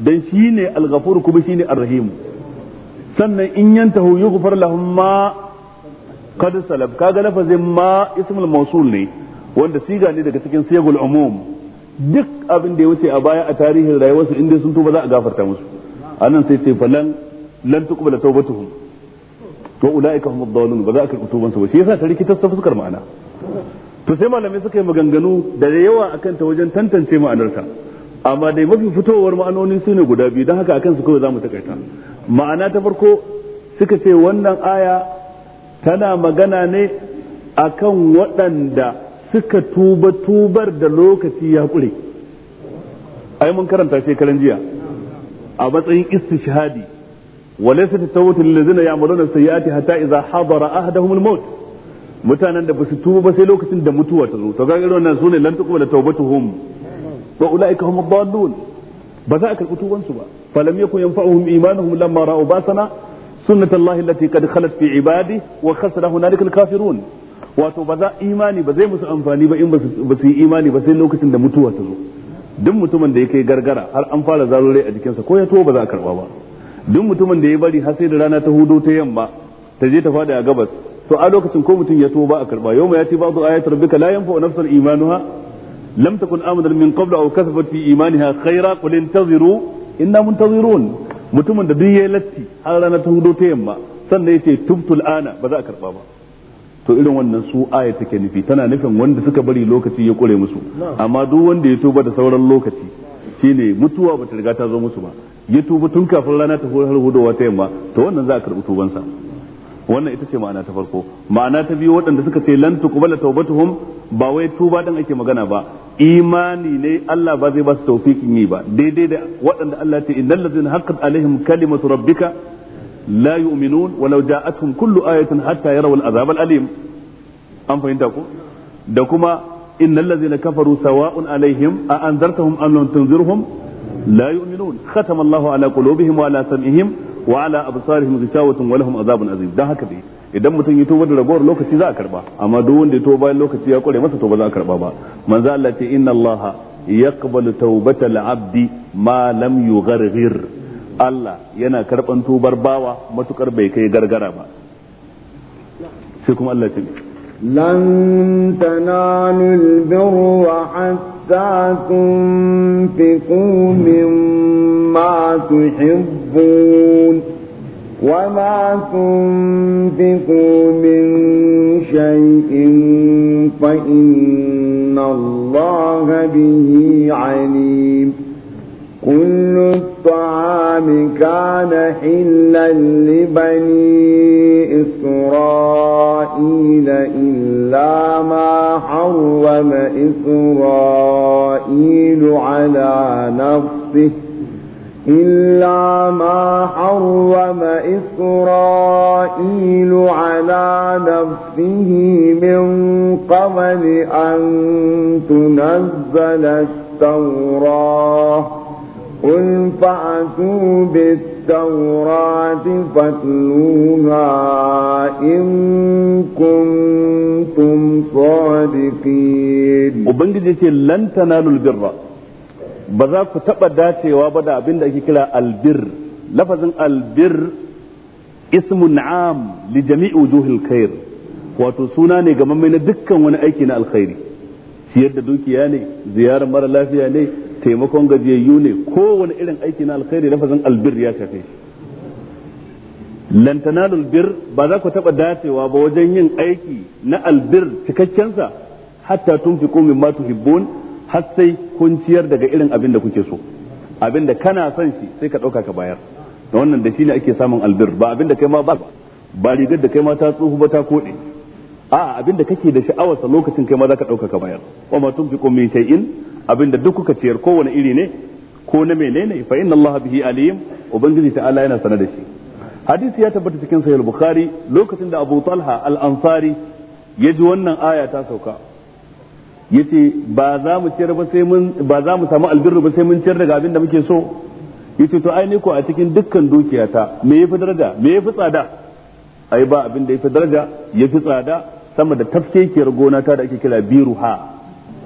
dan shine al-ghafur kuma shine ar-rahim sannan in yantahu yughfar lahum ma qad salab kaga lafazin ma ismul mawsul ne wanda siga ne daga cikin sigul umum duk abin da ya wuce a baya a tarihin rayuwarsu inda sun tuba za a gafarta musu anan sai ce falan lan tuqbala tawbatuhum wa ulaika humud dhalun ba za a karɓi tubansu ba shi yasa ta rikitar sa fuskar ma'ana to sai malamai suka yi maganganu da yawa akan ta wajen tantance ma'anarta amma dai mafi fitowar ma'anoni su ne guda biyu don haka akan su kawai za mu takaita ma'ana ta farko suka ce wannan aya tana magana ne akan waɗanda suka tuba tubar da lokaci ya ƙure ai mun karanta shekaran jiya a matsayin istishhadi walaysa tatawutul ladzina ya'maluna sayyi'ati hatta idza hadara ahaduhum al-maut mutanen da basu tuba ba sai lokacin da mutuwa ta zo to ga irin wannan sune lan tuqbala tawbatuhum wa ulaika hum ad-dallun ba za a karɓi tubansu ba falam yakun yanfa'uhum imanuhum lamma ra'u basana sunnat Allah allati qad khalat fi ibadi wa khasara hunalika al-kafirun wato ba za imani ba zai musu amfani ba in ba su yi imani ba sai lokacin da mutuwa ta zo duk mutumin da ya kai gargara har an fara zaro a jikinsa ko ya tuwo ba za a karɓa ba duk mutumin da ya bari har sai da rana ta hudu ta yamma ta je ta fada a gabas to a lokacin ko mutum ya tuba a karba yau ma ya ce ba'du ayati rabbika la yanfa'u nafsan imanuha lam takun amanan min qablu aw kasabat fi imaniha khaira qul intaziru inna muntazirun mutumin da duk yayi latti har ranar ta hudu ta yamma sannan yace tubtul ana ba za a karba ba to irin wannan su aya take nufi tana nufin wanda suka bari lokaci ya kure musu amma duk wanda ya tuba da sauran lokaci shine mutuwa bata riga ta zo musu ba ya tuba tun kafin rana ta hudu ta yamma to wannan za a karbi tubansa wannan ita ce ma'ana ta farko ma'ana ta biyu waɗanda suka ce lantu kubala taubatuhum ba wai tuba dan ake magana ba imani ne Allah ba zai ba su tawfiqin yi ba daidai da waɗanda Allah ya ce innal ladzina haqqat alaihim kalimatu rabbika la yu'minun walau ja'atuhum kullu ayatin hatta yarawu al'azab alim. an fahimta ko da kuma innal ladzina kafaru sawa'un alaihim a anzartahum am lam tunzirhum la yu'minun khatama Allahu ala qulubihim wa ala sam'ihim wa ala absarihim ghishawatun wa lahum azabun azim dan haka dai idan mutum ya tuba da ragowar lokaci za a karba amma duk wanda ya tuba bayan lokaci ya kware masa to ba za a karba ba manzo Allah ce inna Allah yaqbalu tawbatal abdi ma lam Allah yana karban tubar bawa matukar bai kai gargara ba sai kuma Allah ce لن تنالوا البر حتى تنفقوا مما تحبون وما تنفقوا من شيء فإن الله به عليم كل الطعام كان حلا لبنين إسرائيل إلا ما حرم إسرائيل على نفسه إلا ما حرم إسرائيل على نفسه من قبل أن تنزل التوراة قل فأتوا بالتوراة فاتلوها إن كنتم صادقين وبنجي لن تنالوا البر بذاك تبدا cewa ba da abin da ake kira albir lafazin albir ismun am li jami'i wujuhil khair wato suna ne ga na dukkan wani aiki na alkhairi ciyar da dukiya ne ziyarar mara lafiya ne taimakon gajiyayyu ne kowane irin aiki na alkhairi lafazin albir ya shafe Lantana albir ba za ku taɓa dacewa ba wajen yin aiki na albir cikakkensa hatta tun fi komin ma tuhibbun har sai kun ciyar daga irin abin da kuke so abin da kana son shi sai ka ɗauka ka bayar da wannan da shi ne ake samun albir ba abin da kai ma ba ba rigar da kai ma ta tsohu ba ta koɗe a abin da kake da sha'awarsa lokacin kai ma za ka ɗauka ka bayar wa tun fi komin shay'in abinda duk kuka ciyar kowane iri ne ko na menene fa inna Allah bihi alim ubangiji ta Allah yana sanar da shi hadisi ya tabbata cikin sahih bukhari lokacin da Abu Talha al-Ansari ya ji wannan aya ta sauka yace ba za mu ciyar ba sai mun ba za mu samu albirru ba sai mun ciyar daga abin da muke so yace to ai ni ko a cikin dukkan dukiyata me yafi daraja me yafi tsada ai ba abin da yafi daraja yafi tsada sama da tafkekiyar gona ta da ake kira biruha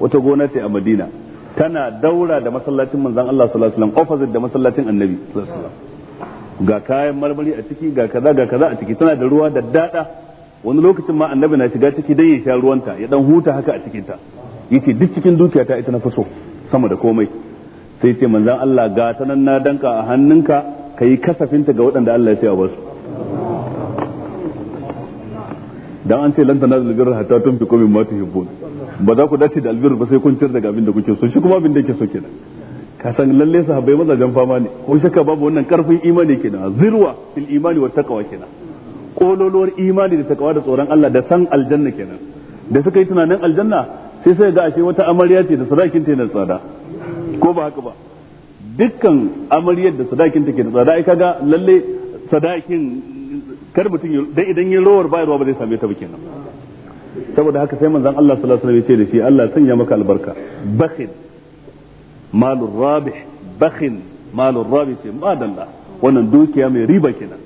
wata gona ce a Madina tana daura da masallacin manzon Allah sallallahu alaihi wasallam opposite da masallacin annabi sallallahu alaihi wasallam ga kayan marmari a ciki ga kaza ga kaza a ciki tana da ruwa da dada wani lokacin ma annabi na shiga ciki dan ya sha ruwanta ya dan huta haka a cikin ta yace duk cikin dukiya ita na fi sama da komai sai ce manzon Allah ga ta na danka a hannunka kai kasafinta ga waɗanda Allah ya ce a basu dan an ce lan tanazul birra hatta tunfiqu mimma tuhibbun ba za ku dace da albir ba sai kun ciyar daga abin da kuke so shi kuma abin da yake so kenan ka san lalle sahabbai mazajen fama ne ko shakka babu wannan karfin imani kenan zirwa fil imani wa taqwa kenan kololuwar imani da taqwa da tsoron Allah da san aljanna kenan da suka yi tunanin aljanna sai sai ga ashe wata amarya ce da sadakin ta yana tsada ko ba haka ba dukkan amaryar da sadakin ke da tsada ai kaga lalle sadakin kar mutum dai idan yin rowar bayarwa ba zai same ta ba kenan saboda haka sai manzon Allah sallallahu alaihi wasallam ya ce da shi Allah sanya maka albarka bakhil malur rabih bakhil malur rabih ce madalla wannan dukiya mai riba kenan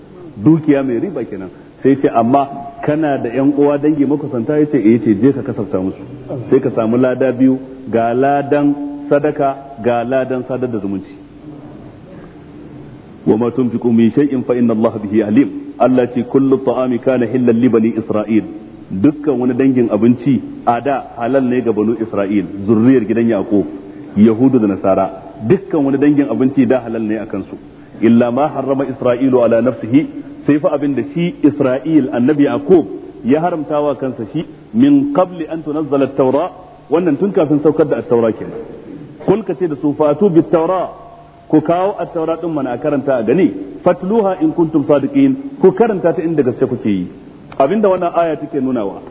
dukiya mai riba kenan sai ce amma kana da yan uwa dangi makusanta yace eh ce je ka kasafta musu sai ka samu lada biyu ga ladan sadaka ga ladan sadar da zumunci wa ma tunfiqu min shay'in fa inna Allah bihi alim Allah ce kullu ta'ami kana hillal li bani Isra'il dukkan wani dangin abinci a da halal ne ga banu Isra'il zurriyar gidan Yaqub Yahudu da Nasara dukkan wani dangin abinci da halal ne a kansu illa ma harrama Isra'ilu ala nafsihi sai fa abin da shi Isra'il annabi Yaqub ya haramtawa kansa shi min qabli an tunazzala at-taura wannan tun kafin saukar da at-taura kenan kul kace da su fatu bit-taura ku kawo at-taura din mana karanta a gani fatluha in kuntum sadiqin ku karanta ta inda gaske kuke yi abinda wannan aya take nunawa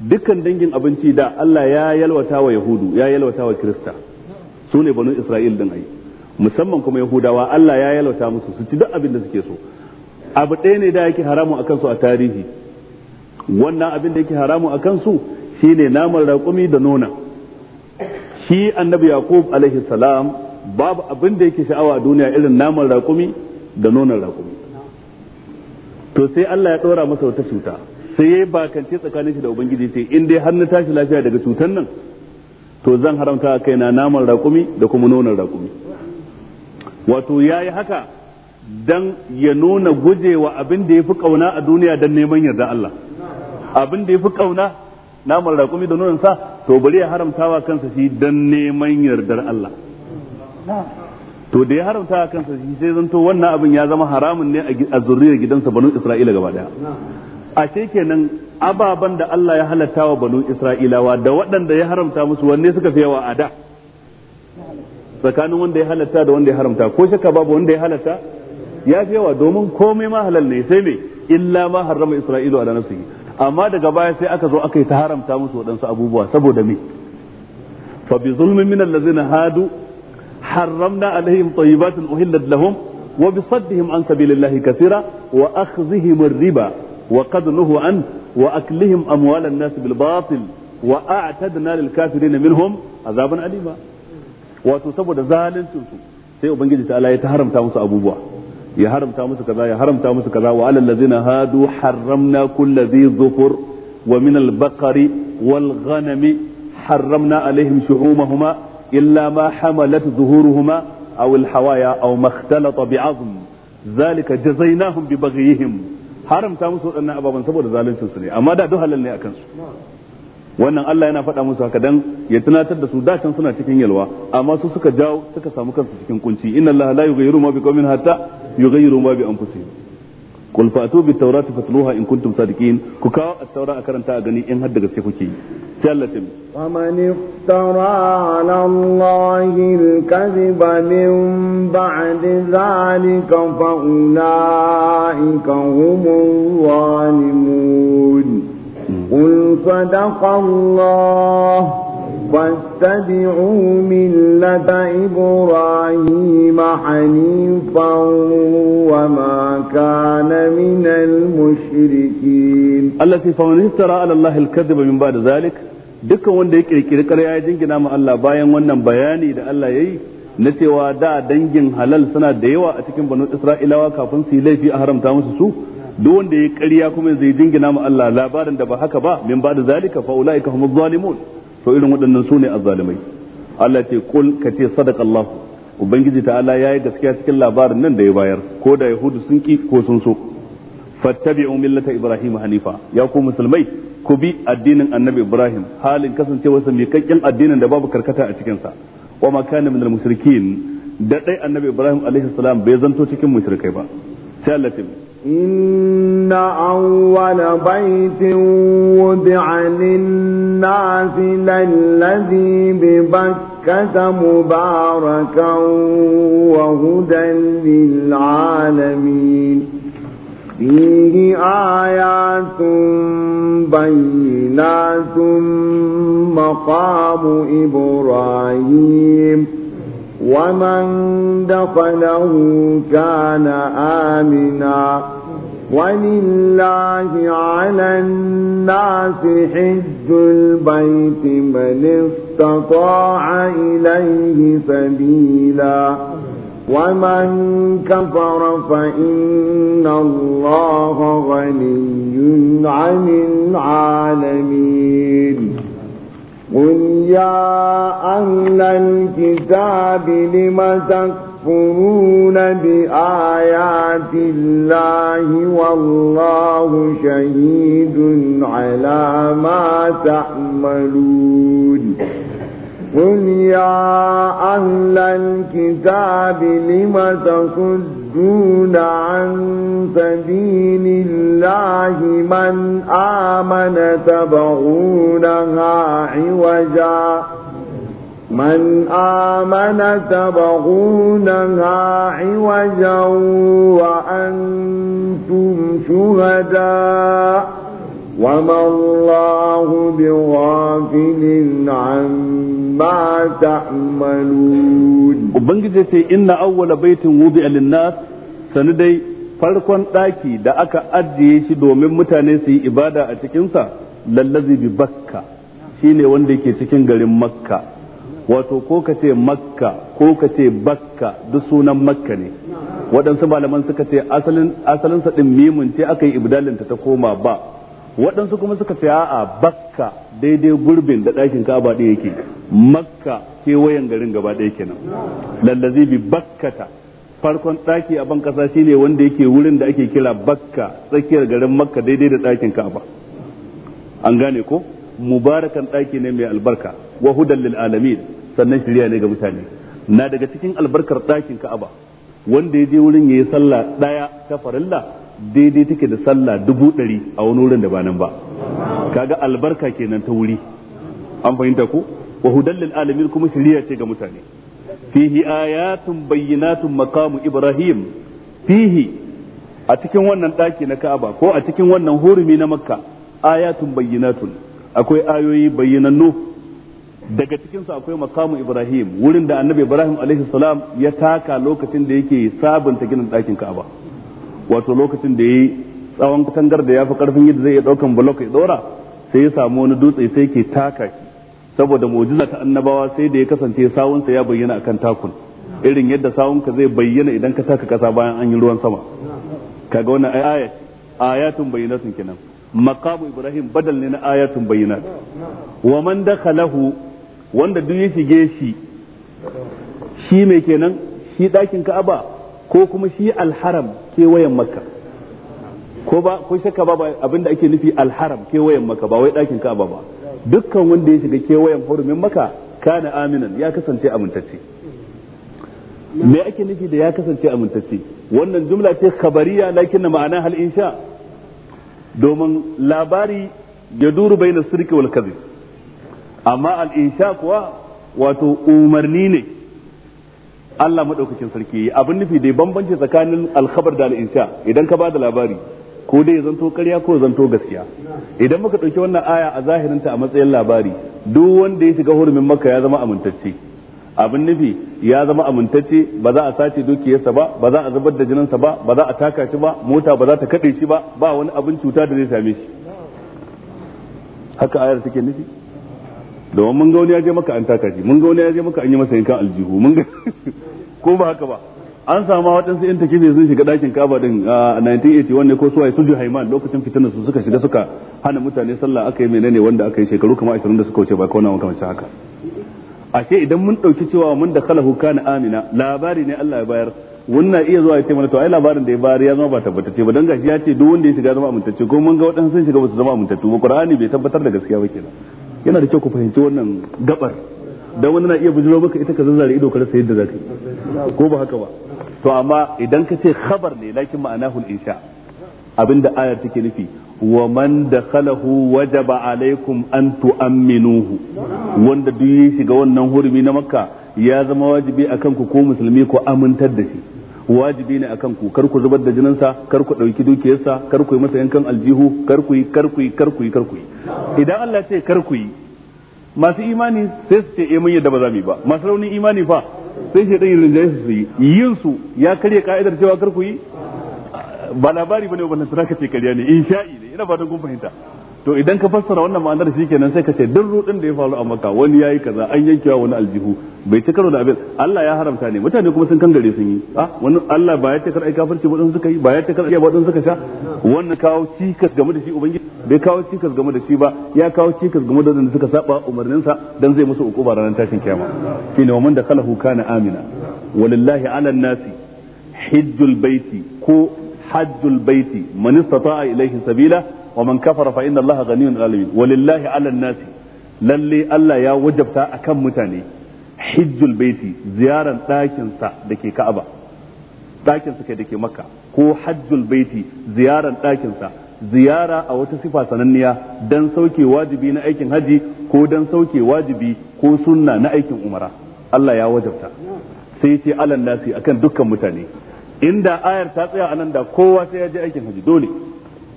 dukkan dangin abinci da Allah ya yalwata wa yahudu ya yalwata wa kirista su ne banu isra'il din ai musamman kuma yahudawa Allah ya yalwata musu su ci duk abin da suke so abu ɗaya ne da yake haramu a kansu a tarihi wannan abin da yake haramu a kansu shine namar raƙumi da nona shi annabi yaqub alaihi salam babu abin da yake sha'awa a duniya irin naman raƙumi da nonon raƙumi to sai Allah ya ɗora masa wata cuta sai yayi bakance tsakanin shi da ubangiji sai in dai har na tashi lafiya daga cutan nan to zan haramta a kaina naman raƙumi da kuma nonon raƙumi wato yayi haka dan ya nuna gujewa abin da yafi kauna a duniya dan neman yarda Allah abin da yafi kauna naman raƙumi da nonon sa to bari ya haramta wa kansa shi dan neman yardar Allah to da ya haramta wa kansa shi sai zanto wannan abin ya zama haramun ne a zurriyar gidansa banu Isra'ila gaba daya ashe kenan ababan da Allah ya halatta wa banu Isra'ilawa da waɗanda ya haramta musu wanne suka fi yawa a da tsakanin wanda ya halatta da wanda ya haramta ko shaka babu wanda ya halatta ya fi yawa domin komai ma halal ne sai me illa ma harrama Isra'ilu ala nafsihi amma daga baya sai aka zo aka yi ta haramta musu waɗansu abubuwa saboda me fa bi zulmin min allazina hadu harramna alaihim tayyibatin uhillat lahum wa bi saddihim an sabilillahi kaseera wa akhdhihim ar-riba wa qad nuhu an wa aklihim amwalan nas bil batil wa a'tadna lil kafirin minhum alima wato saboda zaluncin su sai ubangiji ta'ala ya ta haramta musu abubuwa ya haramta musu kaza ya haramta musu kaza wa alal ladzina hadu harramna kulli dhi dhukur wa min al baqari wal ghanami harramna alaihim shuhumahuma illa ma hamalat zuhuruhuma aw al hawaya aw ma zalika bi'azm ذلك جزيناهم ببغيهم haramta musu waɗannan ababen saboda zaluncin su ne amma da duk halal ne akan su wannan Allah yana faɗa musu haka dan ya tunatar da su da can suna cikin yalwa amma su suka jawo suka samu kansu cikin kunci inna Allah la yughayyiru ma biqaumin hatta yughayyiru ma bi anfusihim قل فاتوا بالتوراة فاتلوها إن كنتم صادقين كوكا التوراة أكرنتا أغني إن هدى قصيفكي ومن افترى على الله الكذب من بعد ذلك فأولئك هم الظالمون قل صدق الله واتبعوا ملة إبراهيم حنيفا وما كان من المشركين التي فمن افترى على الله الكذب من بعد ذلك dukkan wanda ya kirkiri karya ya jingina ma Allah bayan wannan bayani da Allah ya yi na cewa da dangin halal suna da yawa a cikin banu Isra'ilawa kafin su yi laifi a haramta musu su duk wanda ya karya kuma zai jingina ma Allah labarin da ba haka ba min ba da zalika fa ulaika humuz zalimun to irin waɗannan su ne azzalimai Allah ce kul ka ce sadaqallahu ubangiji ta'ala yayi gaskiya cikin labarin nan da ya bayar ko da yahudu sun ki ko sun so fattabi'u millata ibrahim hanifa ya ku musulmai ku bi addinin annabi ibrahim halin kasancewarsa mai kakkin addinin da babu karkata a cikin sa wa ma kana mushrikin da dai annabi ibrahim alaihi salam bai zanto cikin mushrikai ba sai Allah ta إن أول بيت وضع للناس للذي ببكة مباركا وهدى للعالمين فيه آيات بينات مقام إبراهيم ومن دخله كان آمناً ولله على الناس حج البيت من استطاع إليه سبيلا ومن كفر فإن الله غني عن العالمين قل يا أهل الكتاب لم تكفر يكفرون بآيات الله والله شهيد على ما تعملون قل يا أهل الكتاب لم تصدون عن سبيل الله من آمن تبغونها عوجاً من آمن تبغونها عوجا وأنتم شهداء وما الله بغافل عما تعملون وبنجد إن أول بيت وضع للناس سندي farkon ɗaki da aka ajiye shi domin mutane su yi ibada a cikinsa lallazi bi bakka shine wanda yake cikin garin makka wato ko ka ce makka ko ka ce bakka duk sunan makka ne waɗansu malaman suka ce asalin saɗin sa mimun ce aka yi ibdalinta ta koma ba waɗansu kuma suka ce a'a bakka daidai gurbin da ɗakin kaba ɗin yake makka ke wayan garin gaba ɗaya kenan lallazi bi bakkata farkon ɗaki a ban ƙasa shine wanda yake wurin da ake kira bakka tsakiyar garin makka daidai da ɗakin kaba an gane ko mubarakan ɗaki ne mai albarka wa hudan lil alamin sannan shirya ne ga mutane na daga cikin albarkar ɗakin ka'aba wanda ya je wurin yayi sallah daya ta farilla daidai take da sallah dubu ɗari a wani wurin da ba nan ba kaga albarka kenan ta wuri an fahimta ko wa hudan lil alamin kuma shirya ce ga mutane fihi ayatun bayyinatun maqamu ibrahim fihi a cikin wannan ɗaki na Ka'aba ko a cikin wannan hurumi na Makka ayatun bayyinatun akwai ayoyi bayyanannu daga cikinsu akwai makamu ibrahim wurin da annabi ibrahim alaihi salam ya taka lokacin da yake sabunta ginin ɗakin ka'aba wato lokacin da yayi tsawon katangar da ya fi karfin yadda zai iya ɗaukan bulok ya ɗora sai ya samu wani dutse sai ke taka shi saboda mu'jiza ta annabawa sai da ya kasance sawunsa ya bayyana akan takun irin yadda sawunka zai bayyana idan ka taka kasa bayan an yi ruwan sama kaga wannan ayat ayatun bayyinatun kenan maqamu ibrahim badal ne na ayatun bayyinat wa man dakhalahu wanda duk ya shige shi shi mai kenan shi ɗakin ka'aba ko kuma shi alharam kewayen makka ko ba ko shakka ba abinda ake nufi alharam kewayen makka ba wai ɗakin ka'aba ba dukkan wanda ya shiga kewayen hurumin makka kana aminan ya kasance amintacce me ake nufi da ya kasance amintacce wannan jumla ce khabariya lakin ma'ana hal insha domin labari ya duru baina na sirki wal kadhib amma al kuwa wato umarni ne Allah maɗaukacin sarki abin nufi dai bambanci tsakanin al-khabar da al-insha idan ka bada labari ko dai zanto ƙarya ko zanto gaskiya idan muka ɗauki wannan aya a zahirinta a matsayin labari duk wanda ya shiga hurumin maka ya zama amintacce abin nufi ya zama amintacce ba za a sace dukiyarsa ba ba za a zubar da jininsa ba ba za a taka shi ba mota ba za ta kaɗe shi ba ba wani abin cuta da zai same shi haka ayar take nufi domin mun ga wani ya je maka an taka shi mun ga wani ya je maka an yi masa yankan aljihu mun ga ko ba haka ba an samu waɗansu yan takife sun shiga ɗakin kaba din a 1981 ne ko suwaye su haiman lokacin fitinar su suka shiga suka hana mutane sallah aka yi menene wanda aka yi shekaru kama 20 da suka wuce ba kauna wanka mace haka ashe idan mun ɗauki cewa mun da kalahu kana amina labari ne Allah ya bayar wannan iya zuwa ya ce mana to ai labarin da ya bayar ya zama ba tabbatacce ba dan gashi ya ce duk wanda ya shiga zama amintacce ko mun ga wadansu sun shiga ba su zama amintattu ba Qur'ani bai tabbatar da gaskiya ba kenan yana da kyau ku fahimci wannan gabar dan wani na iya bujiro maka ita ka zazzare ido ka rasa yadda zaka yi ko ba haka ba to amma idan ka ce khabar ne lakin ma'anahu insha abinda ayar take nufi wa man dakhalahu wajaba alaikum an tu'minuhu wanda duk ya shiga wannan hurumi na makka ya zama wajibi akan ku ko musulmi ko amintar da shi wajibi ne akan ku kar ku zubar da jinin sa kar ku dauki dukiyarsa kar ku yi masa yankan aljihu kar ku yi kar ku yi kar ku yi kar ku yi idan Allah ce kar ku yi masu imani sai su ce eh mun yadda ba za mu yi ba masu raunin imani fa sai shi dan rinjaye su yi yin su ya karya ka'idar cewa kar ku yi ba labari bane wannan saraka ce kariya ne insha'i ne ina fatan kun fahimta to idan ka fassara wannan ma'anar shikenan sai ka ce duk rudin da ya faru a maka wani yayi kaza an yankewa wani aljihu bai ci karo da abin Allah ya haramta ne mutane kuma sun kangare sun yi a ah, wani Allah ba ya ce kar kafirci ba suka yi ba ya ce kar ai ba suka sha wannan kawo cikas game da shi ubangiji bai kawo cikas game da shi ba ya kawo cikas game da wanda suka saba umarninsa dan zai musu ukuba ranar tashin kiyama fi wa man da khalahu kana amina walillahi ala nasi hijjul baiti ko hajjul baiti man istata'a ilayhi sabila wa man kafara fa inna allaha ghaniyyun alamin walillahi ala nasi. Lallai Allah ya wajabta akan mutane hijjul baiti ziyaran ɗakin sa Ka'aba ɗakin sa kai dake Makka ko hajjul baiti ɗakinsa ziyara a wata sifa sananniya dan sauke wajibi na aikin haji ko dan sauke wajibi ko sunna na aikin umara Allah ya wajabta sai ce alan nasi akan dukkan mutane inda ayar ta tsaya anan da kowa sai ya je aikin haji dole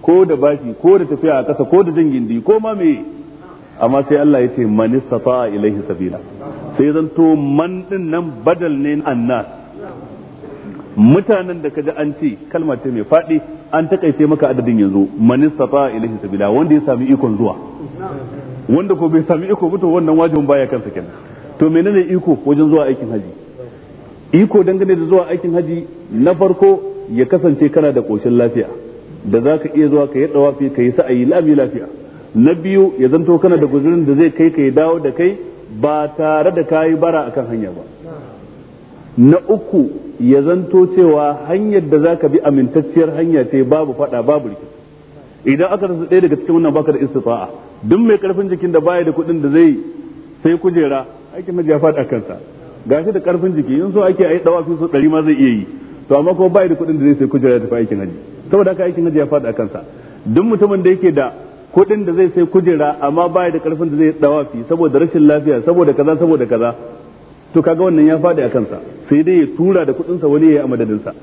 ko da bashi ko da tafiya a ƙasa ko da jin gindi ko ma me amma sai Allah ya ce man istata'a ilaihi sabila sai to man din nan badal ne annas mutanen da kaji an ce kalmar ta mai faɗi an takaice maka adadin yanzu man istata'a ilaihi sabila wanda ya sami ikon zuwa wanda ko bai sami iko mutu wannan wajibin baya kansa kenan to menene iko wajen zuwa aikin haji iko dangane da zuwa aikin haji na farko ya kasance kana da koshin lafiya da za ka iya zuwa ka yi dawafi ka yi sa'ayi lami lafiya na biyu ya zanto kana da guzurin da zai kai ka yi dawo da kai ba tare da kayi bara akan hanya ba na uku ya zanto cewa hanyar da za ka bi amintacciyar hanya ce babu fada babu rikici idan aka rasa ɗaya daga cikin wannan baka da istifa'a duk mai karfin jikin da baya da kuɗin da zai sai kujera aikin na ya da kansa gashi da karfin jiki in so ake ayi dawafi so ɗari ma zai iya yi to amma kuma baya da kuɗin da zai sai kujera ya tafi aikin haji saboda haka aikin hajji ya faɗi a kansa duk mutumin da yake da kuɗin da zai sai kujera amma baya da karfin da zai dawafi saboda rashin lafiya saboda kaza saboda kaza to kaga wannan ya faɗi a kansa sai dai ya tura da kuɗinsa wani ya yi a madadinsa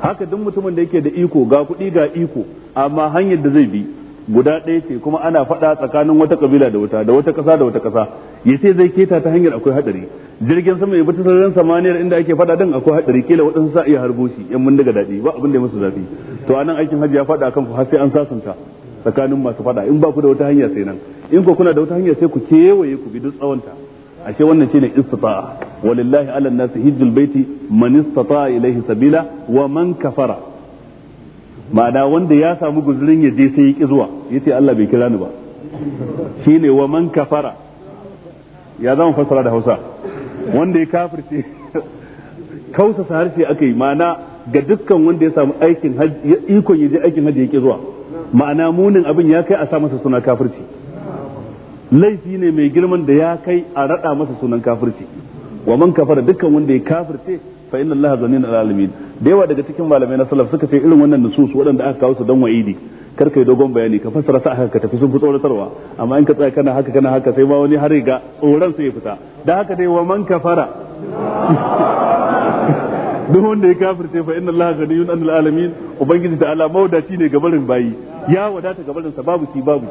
haka duk mutumin da yake da iko ga kuɗi ga iko amma hanyar da zai bi guda ɗaya ce kuma ana faɗa tsakanin wata kabila da wata da wata ƙasa da wata ƙasa ya ce zai keta ta hanyar akwai haɗari jirgin sama ya bi ta sararin samaniyar inda ake fada din akwai hadari kila waɗansu sa iya harbo shi yan mun daga daɗi ba abin da ya musu zafi to anan aikin hajji ya fada kanku har sai an sasanta tsakanin masu fada in ba ku da wata hanya sai nan in ko kuna da wata hanya sai ku kewaye ku bi duk tsawonta ashe wannan shine istita'a walillahi ala nasi hijjul baiti man istata'a ilaihi sabila wa man kafara ma'ana wanda ya samu guzurin ya je sai ya ki zuwa yace Allah bai kira ni ba shine wa man kafara ya zama fassara da Hausa wanda ya kafirce kausa harshe aka yi ma'ana ga dukkan wanda ya samu aikin ikon ya je aikin hajji yake zuwa ma'ana munin abin ya kai a sa masa suna kafirci laifi ne mai girman da ya kai a raɗa masa sunan kafirci wa man kafara dukkan wanda ya kafirce fa inna allaha zanin alalamin da yawa daga cikin malamai na salaf suka ce irin wannan nusus waɗanda aka kawo su dan wa'idi kar yi dogon bayani ka fassara sa aka ka tafi sun fi tsoratarwa amma in ka tsaya kana haka kana haka sai ma wani har ga tsoron sai ya fita dan haka dai wa man kafara duk wanda ya kafirce fa inna allaha ghaniyun anil alamin ubangiji ta'ala mawdaci ne gabarin bayi ya wadata gabarin sa babu shi babu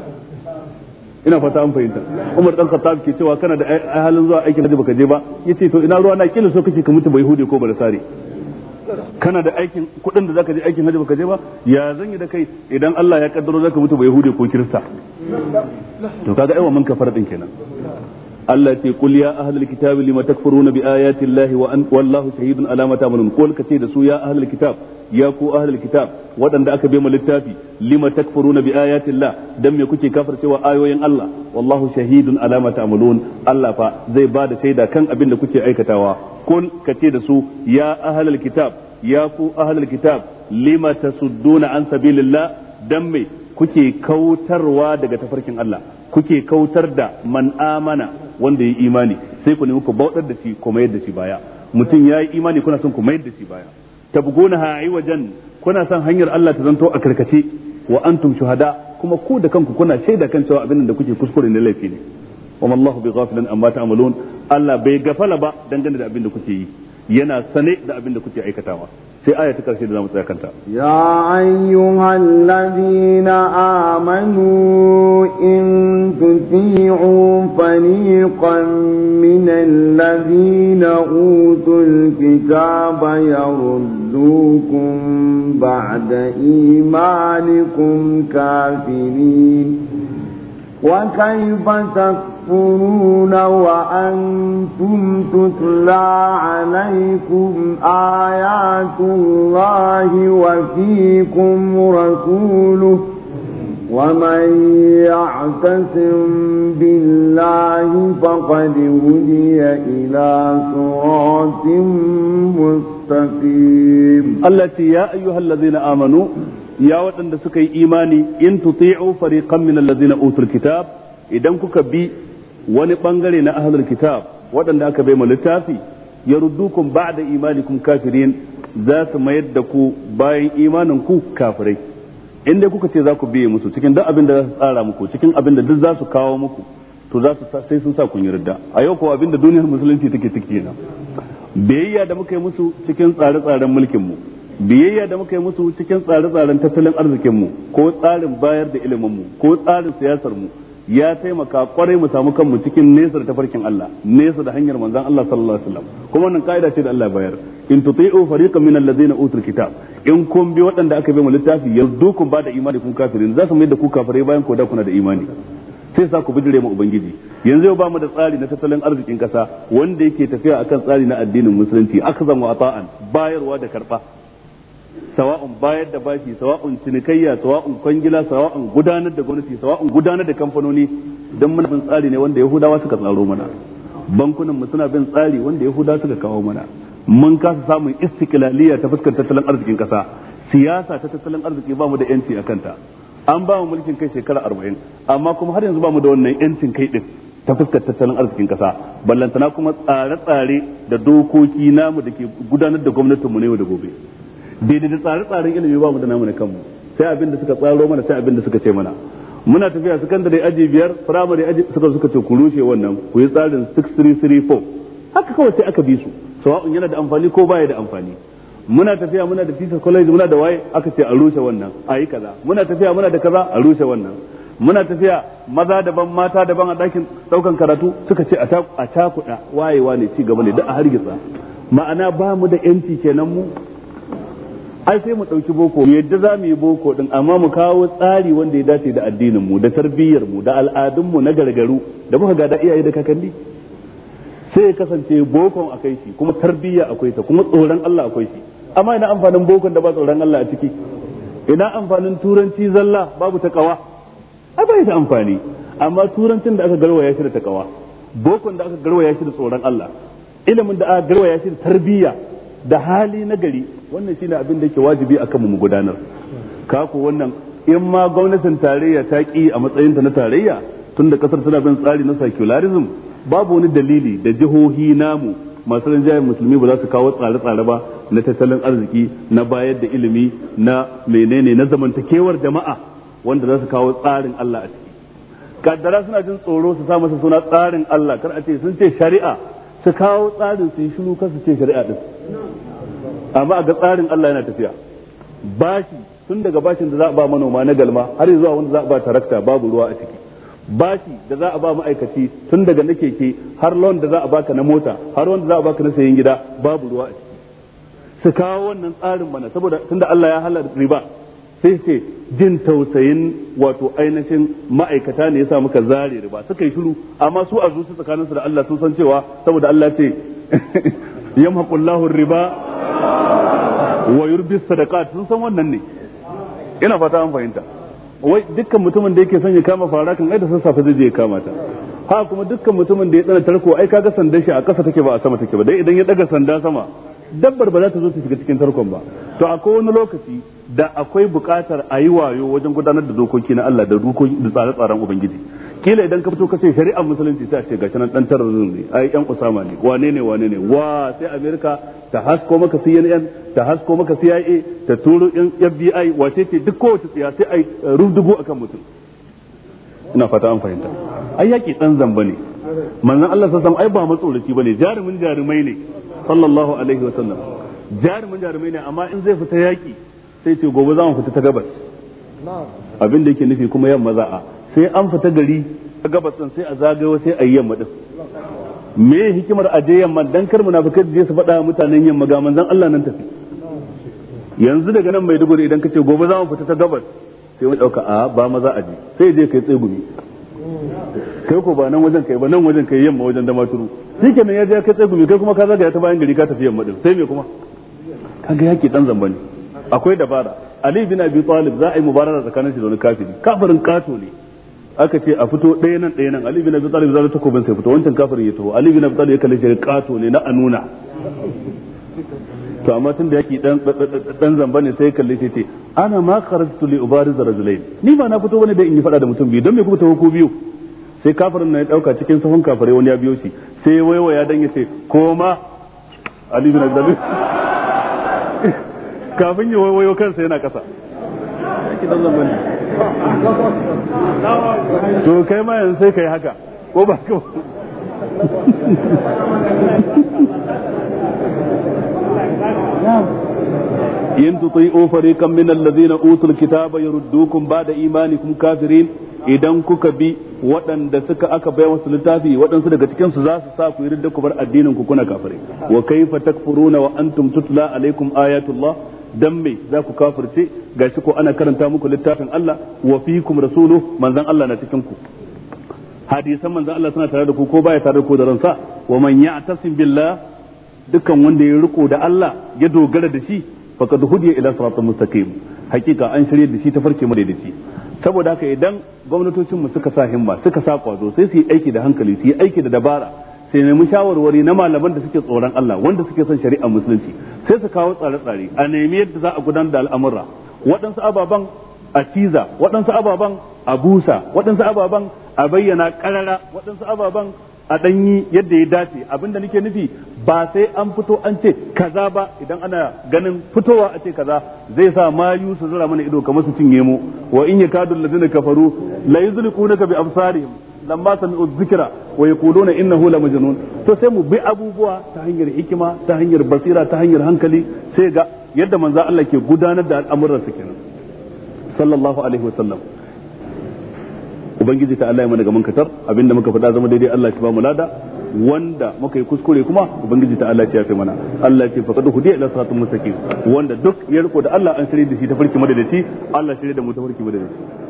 ina fata an fahimta Umar dan Khattab ke cewa kana da halin zuwa aikin haji baka je ba yace to ina ruwa na kila so kake ka mutu bai hude ko bare sare kana da aikin kuɗin da zaka je aikin hajji baka je ba ya zan yi da kai idan Allah ya kaddaro zaka mutu ba yahudi ko kirista to kaga aiwa mun kafara din kenan Allah ce qul ya ahlal kitabi lima takfuruna bi ayati llahi wa wallahu shahidun ala ma ta'malun qul kace da su ya ahlal kitab ya ku kitab waɗanda aka bai mu littafi lima takfuruna bi ayati llah dan me kuke kafircewa ayoyin Allah wallahu shahidun ala ma ta'malun Allah fa zai ba da shaida kan abin da kuke aikatawa qul kace da su ya ahlal kitab ya ku ahlal kitab lima tasudduna an sabilillah dan me kuke kautarwa daga tafarkin Allah kuke kautar da man amana wanda ya imani sai ku ne ku bautar da shi ku mayar da shi baya mutum ya yi imani kuna son ku mayar da shi baya tabguna ha ai wajen kuna son hanyar Allah ta zanto a karkace wa antum shuhada kuma ku da kanku kuna shaida kan cewa abin da kuke kuskure ne laifi ne wa mallahu bi ghafilan amma ta'malun Allah bai gafala ba dangane da abin da kuke yi yana sane da abin da kuke aikatawa sai aya ta karshe da zamu tsaya kanta ya ayyuhal ladina amanu in tuti'u fariqan min alladhina utul kitaba yaruddukum ba'da imanikum kafirin وكيف تكفرون تكفرون وأنتم تتلى عليكم آيات الله وفيكم رسوله ومن يعتصم بالله فقد هدي إلى صراط مستقيم التي يا أيها الذين آمنوا يا وطن دسكي إيماني إن تطيعوا فريقا من الذين أوتوا الكتاب idan kuka bi wani bangare na ahlul kitab waɗanda aka bai mu littafi ruddukum ba'da imanikum kafirin za su mayar da ku bayan imanin ku kafirai Inda kuka ce za ku biye musu cikin duk abin da za su tsara muku cikin abin da duk za su kawo muku to za su sai sun sa kun yi ridda a yau ko abin da duniyar musulunci take take na biyayya da muka yi musu cikin tsare-tsaren mulkin mu biyayya da muka yi musu cikin tsare-tsaren tattalin arzikin mu ko tsarin bayar da ilimin mu ko tsarin siyasar mu ya taimaka kwarai mu samu kanmu cikin nesa da tafarkin Allah nesa da hanyar manzon Allah sallallahu alaihi wasallam kuma wannan kaida ce da Allah bayar in tuti'u fariqan min alladhina utul kitab in kun bi waɗanda aka bi mu littafi yardukum ba da imani kun kafirin za su mai da ku kafirai bayan ko da kuna da imani sai sa ku bijire mu ubangiji yanzu yau ba mu da tsari na tattalin arzikin kasa wanda yake tafiya akan tsari na addinin musulunci akzan ata'an bayarwa da karɓa. sawa'un bayar da bashi sawa'un cinikayya sawa'un kwangila sawa'un gudanar da gwamnati sawa'un gudanar da kamfanoni don muna bin tsari ne wanda yahudawa suka tsaro mana bankunan mu suna bin tsari wanda yahudawa suka kawo mana mun kasa samun istiklaliya ta fuskar tattalin arzikin kasa siyasa ta tattalin arziki ba mu da yanci a kanta an ba mu mulkin kai shekara arba'in amma kuma har yanzu ba mu da wannan yancin kai din ta fuskar tattalin arzikin kasa ballantana kuma tsare-tsare da dokoki namu da ke gudanar da gwamnatinmu ne da gobe daidai da tsare-tsaren ilimi ba da namu kanmu sai abin da suka tsaro mana sai abin da suka ce mana muna tafiya sakandare aji biyar firamare aji suka suka ce ku rushe wannan ku yi tsarin 6334 haka kawai sai aka bi su sawa'un yana da amfani ko baya da amfani muna tafiya muna da teacher college muna da waye aka ce a rushe wannan a yi kaza muna tafiya muna da kaza a rushe wannan muna tafiya maza daban mata daban a ɗakin ɗaukan karatu suka ce a cakuɗa wayewa ne ci gaba ne duk a hargitsa ma'ana ba mu da yanci kenan mu ai sai mu ɗauki boko yadda za mu yi boko din amma mu kawo tsari wanda ya dace da addinin mu da tarbiyyar mu da al'adun mu na gargaru da muka gada iyaye da kakanni sai ya kasance bokon akai shi kuma tarbiyya akwai ta kuma tsoron Allah akwai shi amma ina amfanin bokon da ba tsoron Allah a ciki ina amfanin turanci zalla babu takawa a bai da amfani amma turancin da aka garwaya shi da takawa bokon da aka garwaya shi da tsoron Allah ilimin da aka garwaya shi da tarbiyya da hali na gari wannan shine abin da yake wajibi a mu gudanar kako wannan in ma gwamnatin tarayya ta ki a matsayinta na tarayya tun da kasar tana bin tsari na secularism babu wani dalili da jihohi namu masu rinjayen musulmi ba za su kawo tsare-tsare ba na tattalin arziki na bayar da ilimi na menene na zamantakewar jama'a wanda za su kawo tsarin Allah a ciki kaddara suna jin tsoro su sa masa suna tsarin Allah kar a ce sun ce shari'a su kawo tsarin su yi shiru kar su ce shari'a din amma ga tsarin Allah yana tafiya bashi tun daga bashin da za a ba manoma na galma har zuwa wanda za a ba tarakta babu ruwa a ciki bashi da za a ba ma'aikaci tun daga na keke har lawan da za a baka na mota har wanda za a baka na sayan gida babu ruwa a ciki su kawo wannan tsarin mana saboda tunda Allah ya halar riba sai ce jin tausayin wato ainihin ma'aikata ne yasa muka zare riba suka yi shiru amma su a zuci tsakaninsu da Allah sun san cewa saboda Allah ce yamhaqu Allahu riba wa yurbi sadaqat sun san wannan ne ina fata an fahimta wai dukkan mutumin da yake son ya kama fara kan ai da sassafe zai je ya kama ta ha kuma dukkan mutumin da ya tsana tarko ai kaga sandan shi a ƙasa take ba a sama take ba dai idan ya daga sanda sama dabbar ba za ta zo ta shiga cikin tarkon ba to akwai wani lokaci da akwai buƙatar a yi wayo wajen gudanar da dokoki na Allah da dokoki da tsare-tsaren ubangiji kila idan ka fito ka ce shari'ar musulunci sai ce gashi nan dan terrorism ne ai yan usama ne wane ne wane ne wa sai america ta hasko maka CNN ta hasko maka CIA ta turo yan FBI wace ce duk kowace tsiya sai ai rubdugu akan mutum ina fata an fahimta ai yaki dan zamba ne manzon Allah sallallahu ai ba matsoraci bane jarumin jarumai ne sallallahu alaihi wa sallam jarumin jarumai ne amma in zai fita yaki sai ce gobe za mu fita ta gabas abin da yake nufi kuma yamma za a sai an fita gari a gabas sai a zagayo sai a yi yamma din me hikimar a je yamma dan kar munafikai je su faɗa mutanen yamma ga manzon Allah nan tafi yanzu daga nan mai duguri idan kace gobe za mu fita ta gabas sai mu dauka a ba maza a je sai je kai tsegumi kai ko ba nan wajen kai ba nan wajen kai yamma wajen da maturu shikenan ya je kai tsegumi kai kuma ka zagaya ta bayan gari ka tafi yamma din sai me kuma kaga yaki dan zamba ne akwai dabara Ali bin Abi Talib za a yi mubarara tsakanin shi da wani kafiri kafirin kato ne aka ce a fito ɗaya nan ɗaya nan Ali bin Abi Talib zai takobin sai fito wancan kafirin ya taho Ali bin Abi Talib ya kalle shi kato ne na anuna to amma tun da yake dan dan zamba ne sai kalle shi ce ana ma kharajtu li ubariz rajulain ni ba na fito bane da in yi fada da mutum biyu don me kuma taho ko biyu sai kafirin nan ya dauka cikin sahun kafirai wani ya biyo shi sai waiwaya dan ya ce ko ma Ali bin Abi Talib kafin ya waiwayo kansa yana kasa kidan zamani to kai ma yanzu sai kai haka ko ba ka in tuti'u fariqan min alladhina utul kitaba da ba'da imanikum kafirin idan kuka bi waɗanda suka aka bai wasu littafi waɗansu daga cikin su za su sa ku yi ku bar addinin ku kuna kafirai wa kaifa takfuruna wa antum tutla alaikum ayatullah dan me za ku kafirce gashi ko ana karanta muku littafin Allah wa fiikum rasuluhu manzon Allah na cikin ku hadisan manzon Allah suna tare da ku ko baya tare da ku da ransa wa man ya'tasim billah dukkan wanda ya riko da Allah ya dogara da shi faqad hudiya ila siratal mustaqim hakika an shirye da shi ta farke mu da shi saboda haka idan gwamnatocin mu suka sa himma suka sa kwazo sai su yi aiki da hankali su yi aiki da dabara sai nemi shawarwari na malaman da suke tsoron Allah wanda suke son shari'ar musulunci sai su kawo tsare-tsare a nemi yadda za a gudanar da al'amura waɗansu ababen a ciza waɗansu ababen a busa waɗansu ababen a bayyana ƙarara waɗansu ababen a ɗanyi yadda ya dace abinda nake nufi ba sai an fito an ce kaza ba idan ana ganin fitowa a ce kaza zai sa mayu su zura mana ido kamar su cinye mu wa in yakadu allazina kafaru la yuzliqunaka bi absarihim lamma sami dhikra wa yaquluna innahu la majnun to sai mu bi abubuwa ta hanyar hikima ta hanyar basira ta hanyar hankali sai ga yadda manzo Allah ke gudanar da al'amuran su kenan sallallahu alaihi wasallam ubangiji ta Allah ya mana mun katar abinda muka faɗa zama daidai Allah ya ba mu lada wanda muka yi kuskure kuma ubangiji ta Allah ya fi mana Allah ce faɗa hudi ila siratul mustaqim wanda duk ya riko da Allah an shirye da shi ta farki madadaci Allah shirye da mu ta farki madadaci